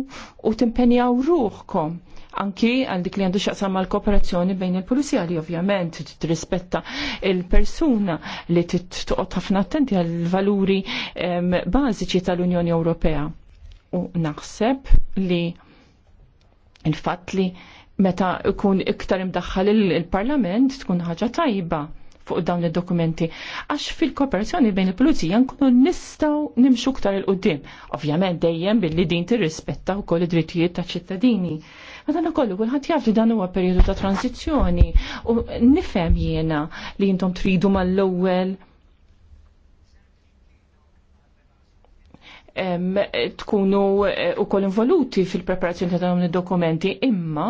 u timpenjaw ruħkom anki għal dik li għandu xaqsam mal kooperazzjoni bejn il-pulizija li ovvjament tirrispetta il-persuna li titqot ħafna attenti għal valuri bażiċi tal-Unjoni Ewropea. U naħseb li il-fatt li meta ikun iktar imdaħħal il-Parlament tkun ħaġa tajba fuq dawn id-dokumenti. Għax fil-kooperazzjoni bejn il-pulizija nkunu nistaw nimxu ktar il-qoddim. Ovvjament dejjem billi din tirrispetta wkoll id-drittijiet ta' ċittadini Madana kollu, kullħat jaf li dan huwa periodu ta' tranzizjoni u nifhem jiena li jintom tridu mal-ewwel tkunu eh, u koll involuti fil-preparazzjoni ta' dawn id-dokumenti, imma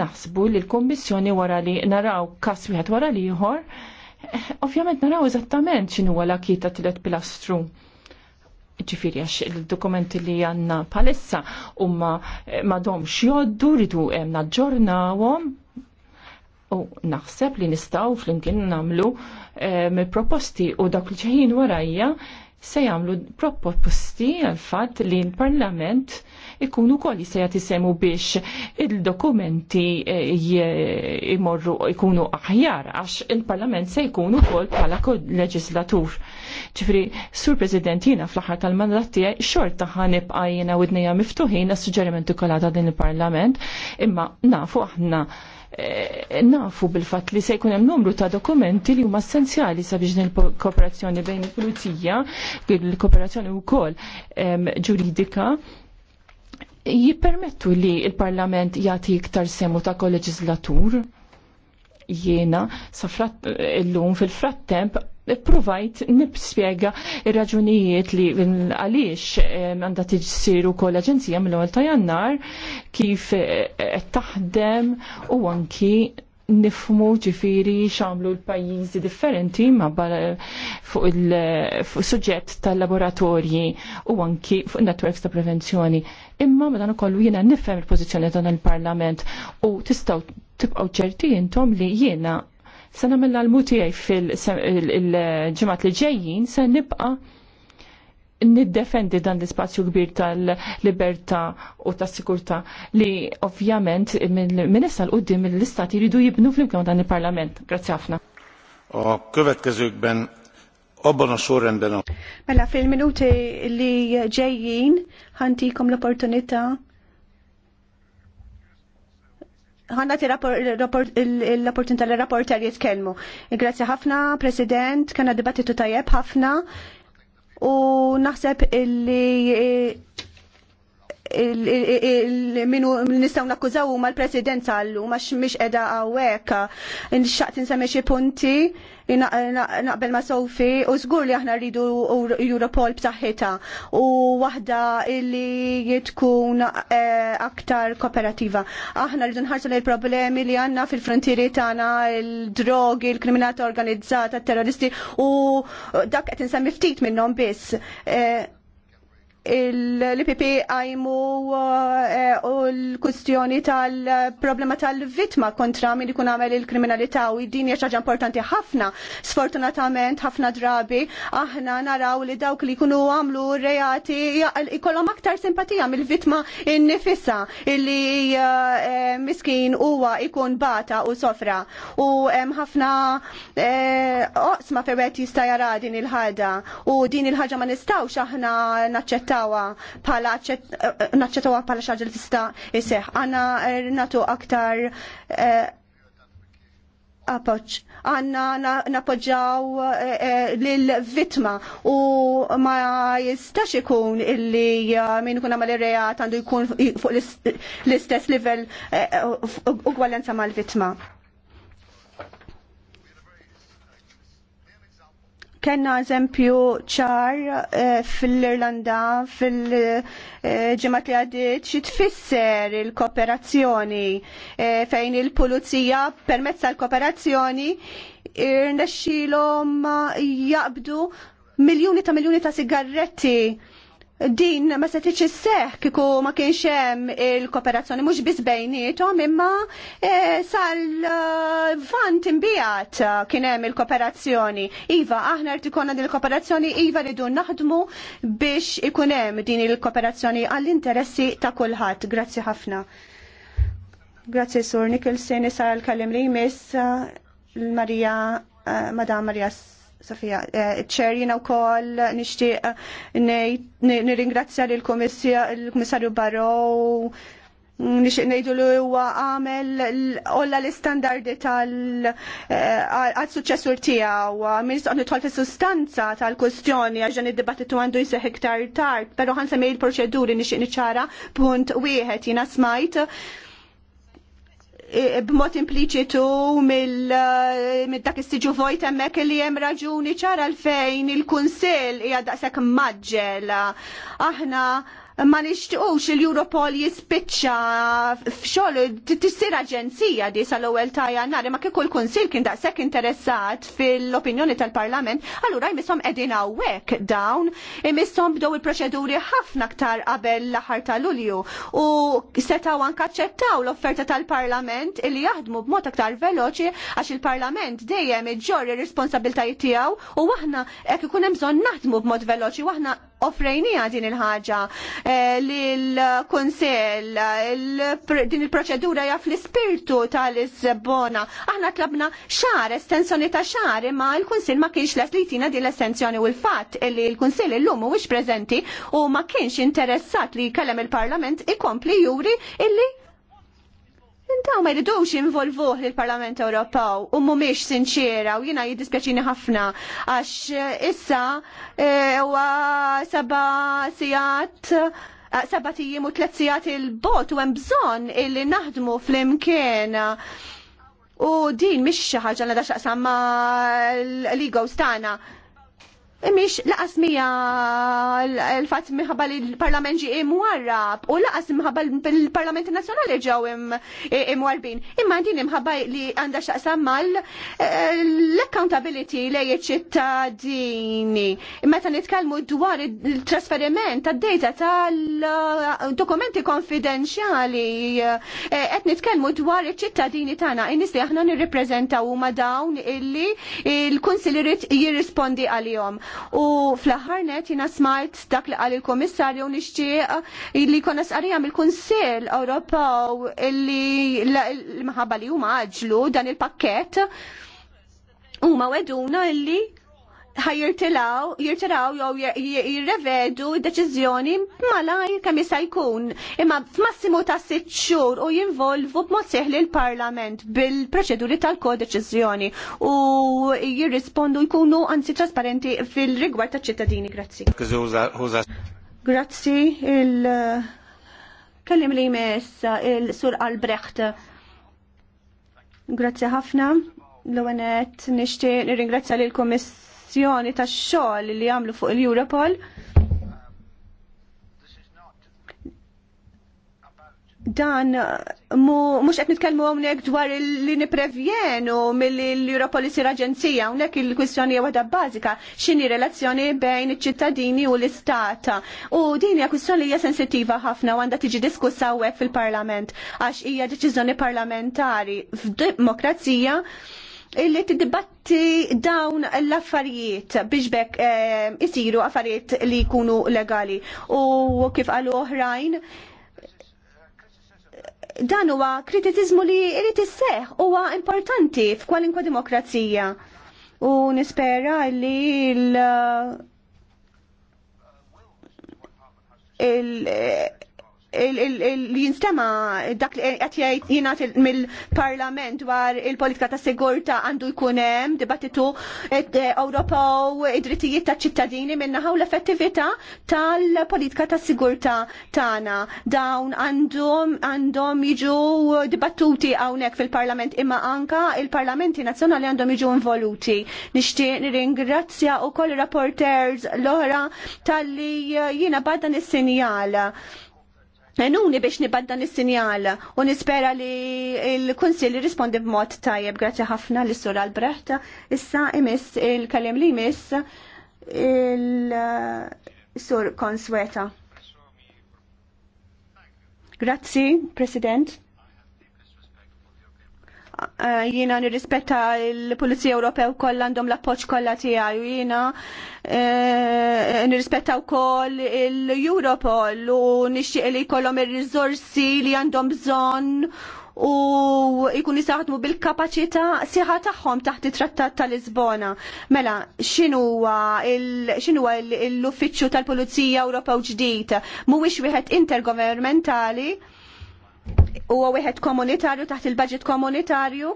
naħsbu li l-Kommissjoni wara li naraw kas wieħed wara liħor, ieħor, eh, ovvjament naraw eżattament x'inhu l-akita tliet pilastru ġifiri għax il-dokumenti li għanna palissa umma eh, madom xjoddu ridu eh, naġġornawom u naħseb li nistaw fl-imkien namlu eh, me proposti u dak li ċeħin warajja se jamlu proposti għal-fat li l-parlament ikunu kol jistajat jisemu biex il-dokumenti eh, jimorru ikunu aħjar, għax il-parlament se jkunu kol bħala leġislatur. ċifri, sur President jina fl-ħar tal-mandat tiegħi xorta ħanibqa' jiena widnija miftuħin għas-suġġerimenti kollha ta' din il-Parlament, imma nafu aħna eh, nafu bil-fat li se jkun hemm numru ta' dokumenti li huma essenzjali sabiex il-kooperazzjoni bejn il-pulizija, il-kooperazzjoni wkoll ġuridika jippermettu li il-Parlament jagħti iktar semu ta' koleġislatur jiena safrat lum fil-frattemp provajt nispjega il raġunijiet li għaliex għandha tiġsiru kol aġenzija mill-ewwel ta' jannar kif eh, qed taħdem u anki nifmu ġifiri xamlu l-pajjiżi differenti ma fuq il-suġġett tal-laboratorji u anki fuq networks ta' prevenzjoni. Imma madan ukollu jiena nifhem il-pożizzjoni dan il-Parlament u tistgħu tibqgħu ċerti intom li jiena se nagħmel l-mutijaj fil-ġimgħat li ġejjin se nibqa' niddefendi dan l-ispazju kbir tal-libertà u tas sikurta li ovvjament minn issa l-qudiem mill-istat jridu jibnu flimkien dan il-Parlament. Grazzi ħafna. következőkben abban a sorrendben Mela fil-minuti li ġejjin ħantikom l-opportunità ħanna l-opportunità l-rapporter jitkellmu. Grazie ħafna, President, kena dibattitu tajjeb ħafna u naħseb illi minu nistaw nakkużaw ma l-presidenza għallu, lum għax miex edha għawek, n-xaqt nsemmi xie punti naqbel ma Sofi u żgur li aħna rridu Europol b'saħħitha u waħda illi tkun eh, aktar kooperativa. Aħna rridu nħarsu lil problemi li għandna fil-frontieri tagħna il-drogi, il-kriminata organizzata, terroristi u dak qed insemmi ftit minnhom biss. Eh, l pp għajmu eh, u l-kustjoni tal-problema tal-vitma kontra min ikun għamel il-kriminalità u id-din ħaġa importanti ħafna. Sfortunatament, ħafna drabi, aħna naraw li dawk li kunu għamlu reati ikollhom aktar simpatija mill-vitma innifissa illi eh, eh, miskin huwa ikun bata u sofra. U hemm ħafna oqsma fejn jista' jara din il-ħada u din il-ħaġa ma nistgħux aħna naċċettaw naċċettawa bħala naċċetawa pala eh, xaġa li tista' jseħ. Għanna eh, natu aktar eh, appoġġ. Għanna napoġġaw l vitma u ma jistax ikun illi minn kuna għamal reat għandu jkun fuq l-istess livell u gwalenza mal-vitma. kena eżempju ċar eh, fil-Irlanda fil-ġemat li għadiet, xi tfisser il-kooperazzjoni eh, fejn il-pulizija permezz tal-kooperazzjoni irnexxilhom jaqbdu miljuni ta' miljuni ta' sigaretti din ma setitx seħ kieku ma kienx hemm il-kooperazzjoni mhux biss imma e, sal-vant imbijat kien hemm il-kooperazzjoni. Iva, aħna rid ikolna din il-kooperazzjoni, iva ridu naħdmu biex ikun hemm din il-kooperazzjoni għall-interessi ta' kulħadd. Grazzi ħafna. Grazzi Sur Nikilsen, sal l-kallim li jmiss Marija, eh, Madam Marija Sofija, ċer eh, jina u koll nishtiq eh, nir-ingrazzja l-Komissarju Barrow nixtieq ngħidu li huwa għamel olla l-istandardi tal eh, għad suċessur tiegħu min nistgħu nidħol fis-sustanza tal kustjoni għax dan id-dibattitu għandu jseħ iktar tard, però ħansemmi l-proċeduri nixtieq niċċara punt wieħed jina smajt E, e, b'mod impliċitu mill-dak e, istiġu vojt emmek li jem raġuni ċara l-fejn il-kunsel hija daqshekk maġġel. Aħna ma nixtiqux il-Europol jispiċċa f'xogħol tissir aġenzija di sal-ewwel ta' Jannar ma kieku l-Kunsill kien daqshekk interessat fil-opinjoni tal-Parlament, allura jmisshom qegħdin hawnhekk dawn, imisshom bdew il-proċeduri ħafna aktar qabel l-aħħar ta' Lulju u setgħu anke aċċettaw l-offerta tal-Parlament illi jaħdmu b'mod aktar veloċi għax il-Parlament dejjem iġġorri ir-responsabiltajiet tiegħu u aħna hekk ikun hemm bżonn naħdmu b'mod veloċi u aħna offrejnija din il-ħaġa eh, lill konsel din il-proċedura jaf fl-ispirtu tal-Lisbona. Aħna tlabna xar, estensjoni ta' xar, imma l konsel ma kienx les li din l-estensjoni u l-fatt li l-Kunsell illum mhuwiex prezenti u ma kienx interessat li jkellem il-Parlament ikompli juri illi Intaw ma jridux involvuh il-Parlament Ewropew u mhumiex sinċera u jiena jiddispjaċini ħafna għax eh, issa eh, huwa seba sigħat eh, seba u tliet sigħat il-bot u hemm bżonn illi naħdmu flimkien. U din mhix xi ħaġa li daxaqsam ma l egos tagħna. Miex laqas mija l-fat miħabal li l-parlament ġi imwarrab u laqas miħabal il parlament nazjonali ġaw imwarbin. Imma din imħabba li għanda xaqsam mal eh, l-accountability lej ċittadini. Meta nitkalmu dwar il-trasferiment ta' data tal-dokumenti konfidenzjali eh, qed nitkellmu dwar iċ-ċittadini tagħna in-nies li aħna nirrepreżentaw ma dawn illi l-kunsil jirrispondi għalihom U fl-aħħar net jiena smajt dak li qal il-Kummissarju nixtieq li jkollna sqarija il kunsill Ewropew illi l maħabali li huma dan il-pakkett huma weduna illi ħajirtilaw, jirtilaw jew jirrevedu deċiżjoni malajr kemm jista' jkun imma f'massimu ta' sitt xhur u jinvolvu b'mod seħli l-Parlament bil-proċeduri tal-kodeċiżjoni u jirrispondu jkunu anzi trasparenti fil-rigward taċ-ċittadini. Grazzi. Grazzi il kellim li jmess il-Sur Albrecht. Grazzi ħafna. L-għanet nishti nirringrazzja lill komissar l-evalwazzjoni tax-xogħol li jagħmlu fuq il-Europol. Dan uh, mhux qed nitkellmu hawnhekk dwar li niprevjenu milli l-Europol isir aġenzija hawnhekk il-kwistjoni waħda bażika x'inhi relazzjoni bejn iċ-ċittadini u l istata U din hija kwistjoni li hija sensittiva ħafna għandha tiġi diskussa għek fil-Parlament għax hija deċiżjoni parlamentari f'demokrazija illi tiddibatti dawn l-affarijiet biex bekk eh, isiru affarijiet li jkunu legali u kif għalu oħrajn dan huwa kritizizmu li irid isseħ huwa importanti f'kwalinkwa demokrazija u nispera li l li jinstema dak li qed jingħat mill-Parlament dwar il-politika ta' sigurta għandu jkun hemm dibattitu Ewropew id-drittijiet ta' ċittadini minnaħa u l-effettività tal-politika ta' sigurta tagħna. Dawn għandhom għandhom jiġu dibattuti hawnhekk fil-Parlament imma anka il-Parlamenti Nazzjonali għandhom jiġu involuti. Nixtieq nirringrazzja wkoll rapporters l-oħra tal-li jiena badan is-sinjal. Enuni biex nibad dan is-sinjal u nispera li l-Kunsill rispondi b'mod tajjeb grazzi ħafna l sur Albrecht. Issa imiss il-kalem li imiss il-sur Konsweta. Grazzi, President. Eh, jiena nirrispetta l-Pulizija Ewropew koll għandhom l-appoġġ kollha tiegħi eh, u jiena nirrispetta wkoll l europol u nixtieq li jkollhom ir rizorsi li għandhom bżonn u jkun jisaħdmu bil kapacita siħa tagħhom taħt it-Trattat ta' Lisbona. Mela, x'inhuwa l-uffiċċju tal-Pulizija Ewropew ġdid? Mhuwiex wieħed intergovernmentali, huwa wieħed komunitarju taħt il-budget komunitarju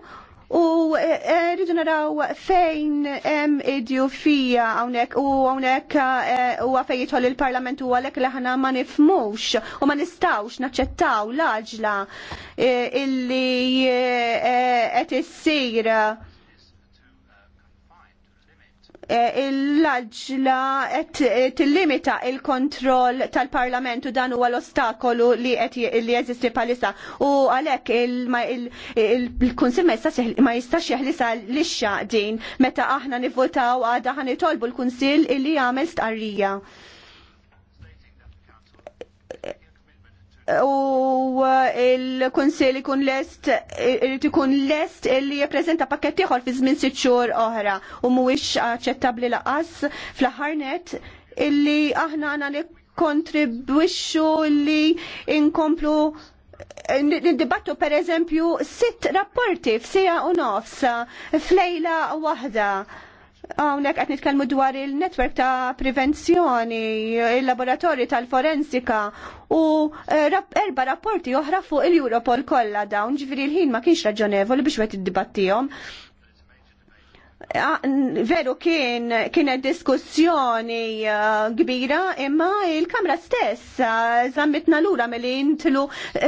u e, e, rridu naraw fejn hemm idju fija hawnhekk u hawnhekk e, huwa fejn jidħol il-Parlament u għalhekk li aħna ma nifmux u ma nistgħux naċċettaw l-għaġla illi qed issir Eh, l-laġla qed tillimita il-kontroll tal-Parlament u dan huwa l-ostakolu li qed li jeżisti palissa u għalhekk il-Kunsill ma jistax ma jistax jeħlisa lixxa din meta aħna nivvotaw għadha ħanitolbu l-Kunsill illi jagħmel stqarrija. u uh, il konsil ikun lest irid ikun lest li jippreżenta pakketti ieħor fi żmien sitt xhur oħra u mhuwiex aċċettabbli laqas fl-aħħar net illi aħna għandna nikkontribwixxu li inkomplu Niddibattu per eżempju sitt rapporti f'sija u nofs flejla waħda Hawnhekk qed nitkellmu dwar il-netwerk ta' prevenzjoni, il laboratori tal-forensika u eh, erba rapporti oħra fuq il-Europol kollha dawn, ġifiri l-ħin ma kienx raġonevoli biex wet id-dibattijom. Ah, veru kien kienet diskussjoni eh, kbira imma il-Kamra stess eh, zammitna lura milli jintlu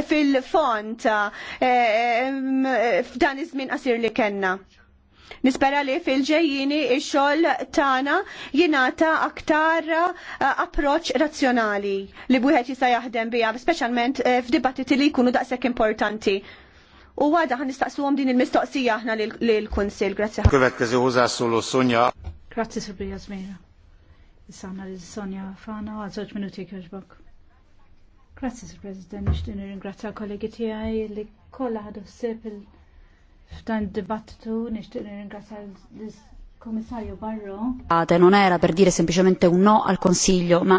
fil-font f'dan iż-żmien qasir li kellna. Nispera li fil-ġejjini ix-xogħol tagħna jingħata aktar eh, approċċ razzjonali li wieħed jista' jaħdem biha, speċjalment eh, f'dibattiti li jkunu daqshekk importanti. U għada għan nistaqsuhom din il-mistoqsija aħna lill kunsil Grazzi ħafna. Következő hozzászóló Sonja. Grazzi Sabrija Zmira. Issana li Sonja Fana għal żewġ minuti kħeġbok. Grazzi Sir President, nixtin ringrazzja kollegi tiegħi li kollha ħadu ssib il- F'dan dibattitu nixtieq nirringrazzja l-Kummissarju Barro. Ate non era per dire sempliċement un no al Consiglio, ma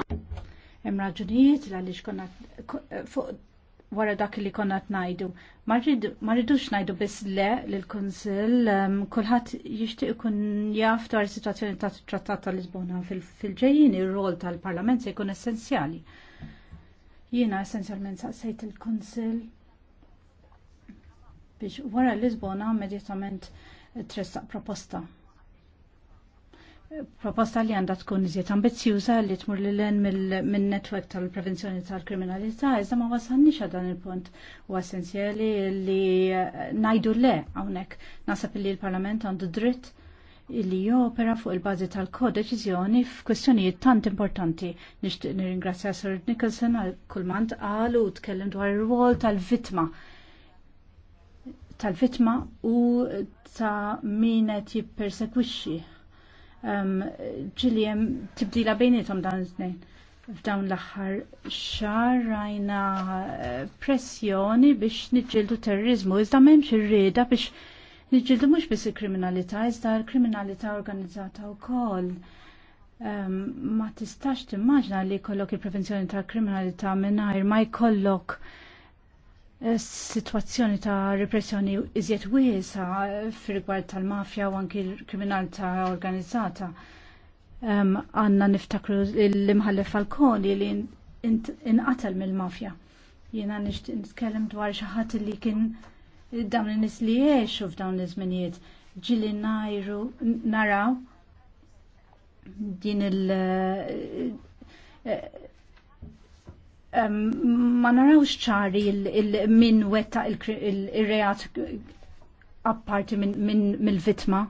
hemm raġunijiet għaliex konna fuq wara dak li konna tnajdu. Ma rridux ngħidu biss le lill-kunsill kulħadd jixtieq ikun jaf dwar is-sitwazzjoni ta' trattat ta' Lisbona fil-ġejjin ir-rol tal-Parlament se jkun essenzjali. Jiena essenzjalment saqsejt il kunsill biex wara Lisbona immedjatament tressaq proposta. Proposta li għandha tkun iżjed ambizzjuża li tmur li len mill-netwerk tal-prevenzjoni tal-kriminalità, iżda ma wasalniex għal dan il-punt u essenzjali li eh, najdu le hawnhekk. Nasab li l-Parlament għandu dritt li jopera fuq il-bazi tal-kodeċizjoni f'kwestjonijiet tant importanti. Nixtieq nirringrazzja Sir Nicholson għal kulmant għal u tkellem dwar ir-rwol tal-vittma tal-vitma u ta' minet jippersekwixxi. Ġili um, tibdila bejnietom dan iż-tnejn. F'dawn l-aħħar xahar rajna eh, pressjoni biex niġġieldu terrorizmu, iżda m'hemmx ir-rieda biex niġġieldu mhux biss il-kriminalità, iżda l-kriminalità organizzata wkoll. Um, ma tistax timmaġna li jkollok il-prevenzjoni tal-kriminalità mingħajr ma jkollok situazzjoni ta' repressjoni iżjed wiesa fil-rigward tal-mafja u anki l-kriminalità organizzata. Għanna niftakru l-imħallef Falconi li inqatel mill-mafja. Jiena nitkellem dwar xi ħadd li kien dawn in-nies li jgħixu f'dawn iż-żminijiet. Ġili najru naraw din il- ma narawx ċari min wetta il-reat apparti minn mill-vitma.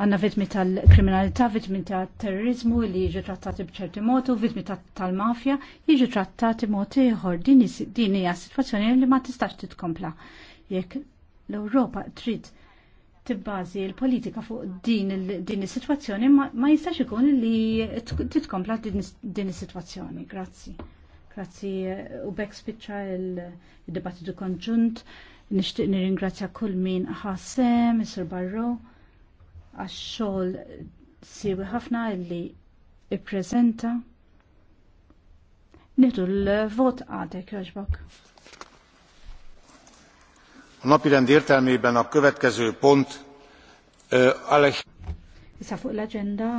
Għanna vitmi tal-kriminalità, vitmi tal-terrorizmu li jiġi trattati bċerti motu, vitmi tal-mafja jiġi trattati motu ieħor. Din hija situazzjoni li ma tistax titkompla. Jekk l-Ewropa trid tibbażi l-politika fuq din is-sitwazzjoni ma jistax ikun li titkompla din is-sitwazzjoni. Grazzi. Grazzi u bekk spiċċa il-dibattitu konġunt. Nixtieq nirringrazzja kull min ħassem, Mr. Barro, għax-xogħol siwi ħafna illi ippreżenta. Nitu l-vot għadek, joġbok. A napirend értelmében a következő pont, Alex. Issa fuq l-agenda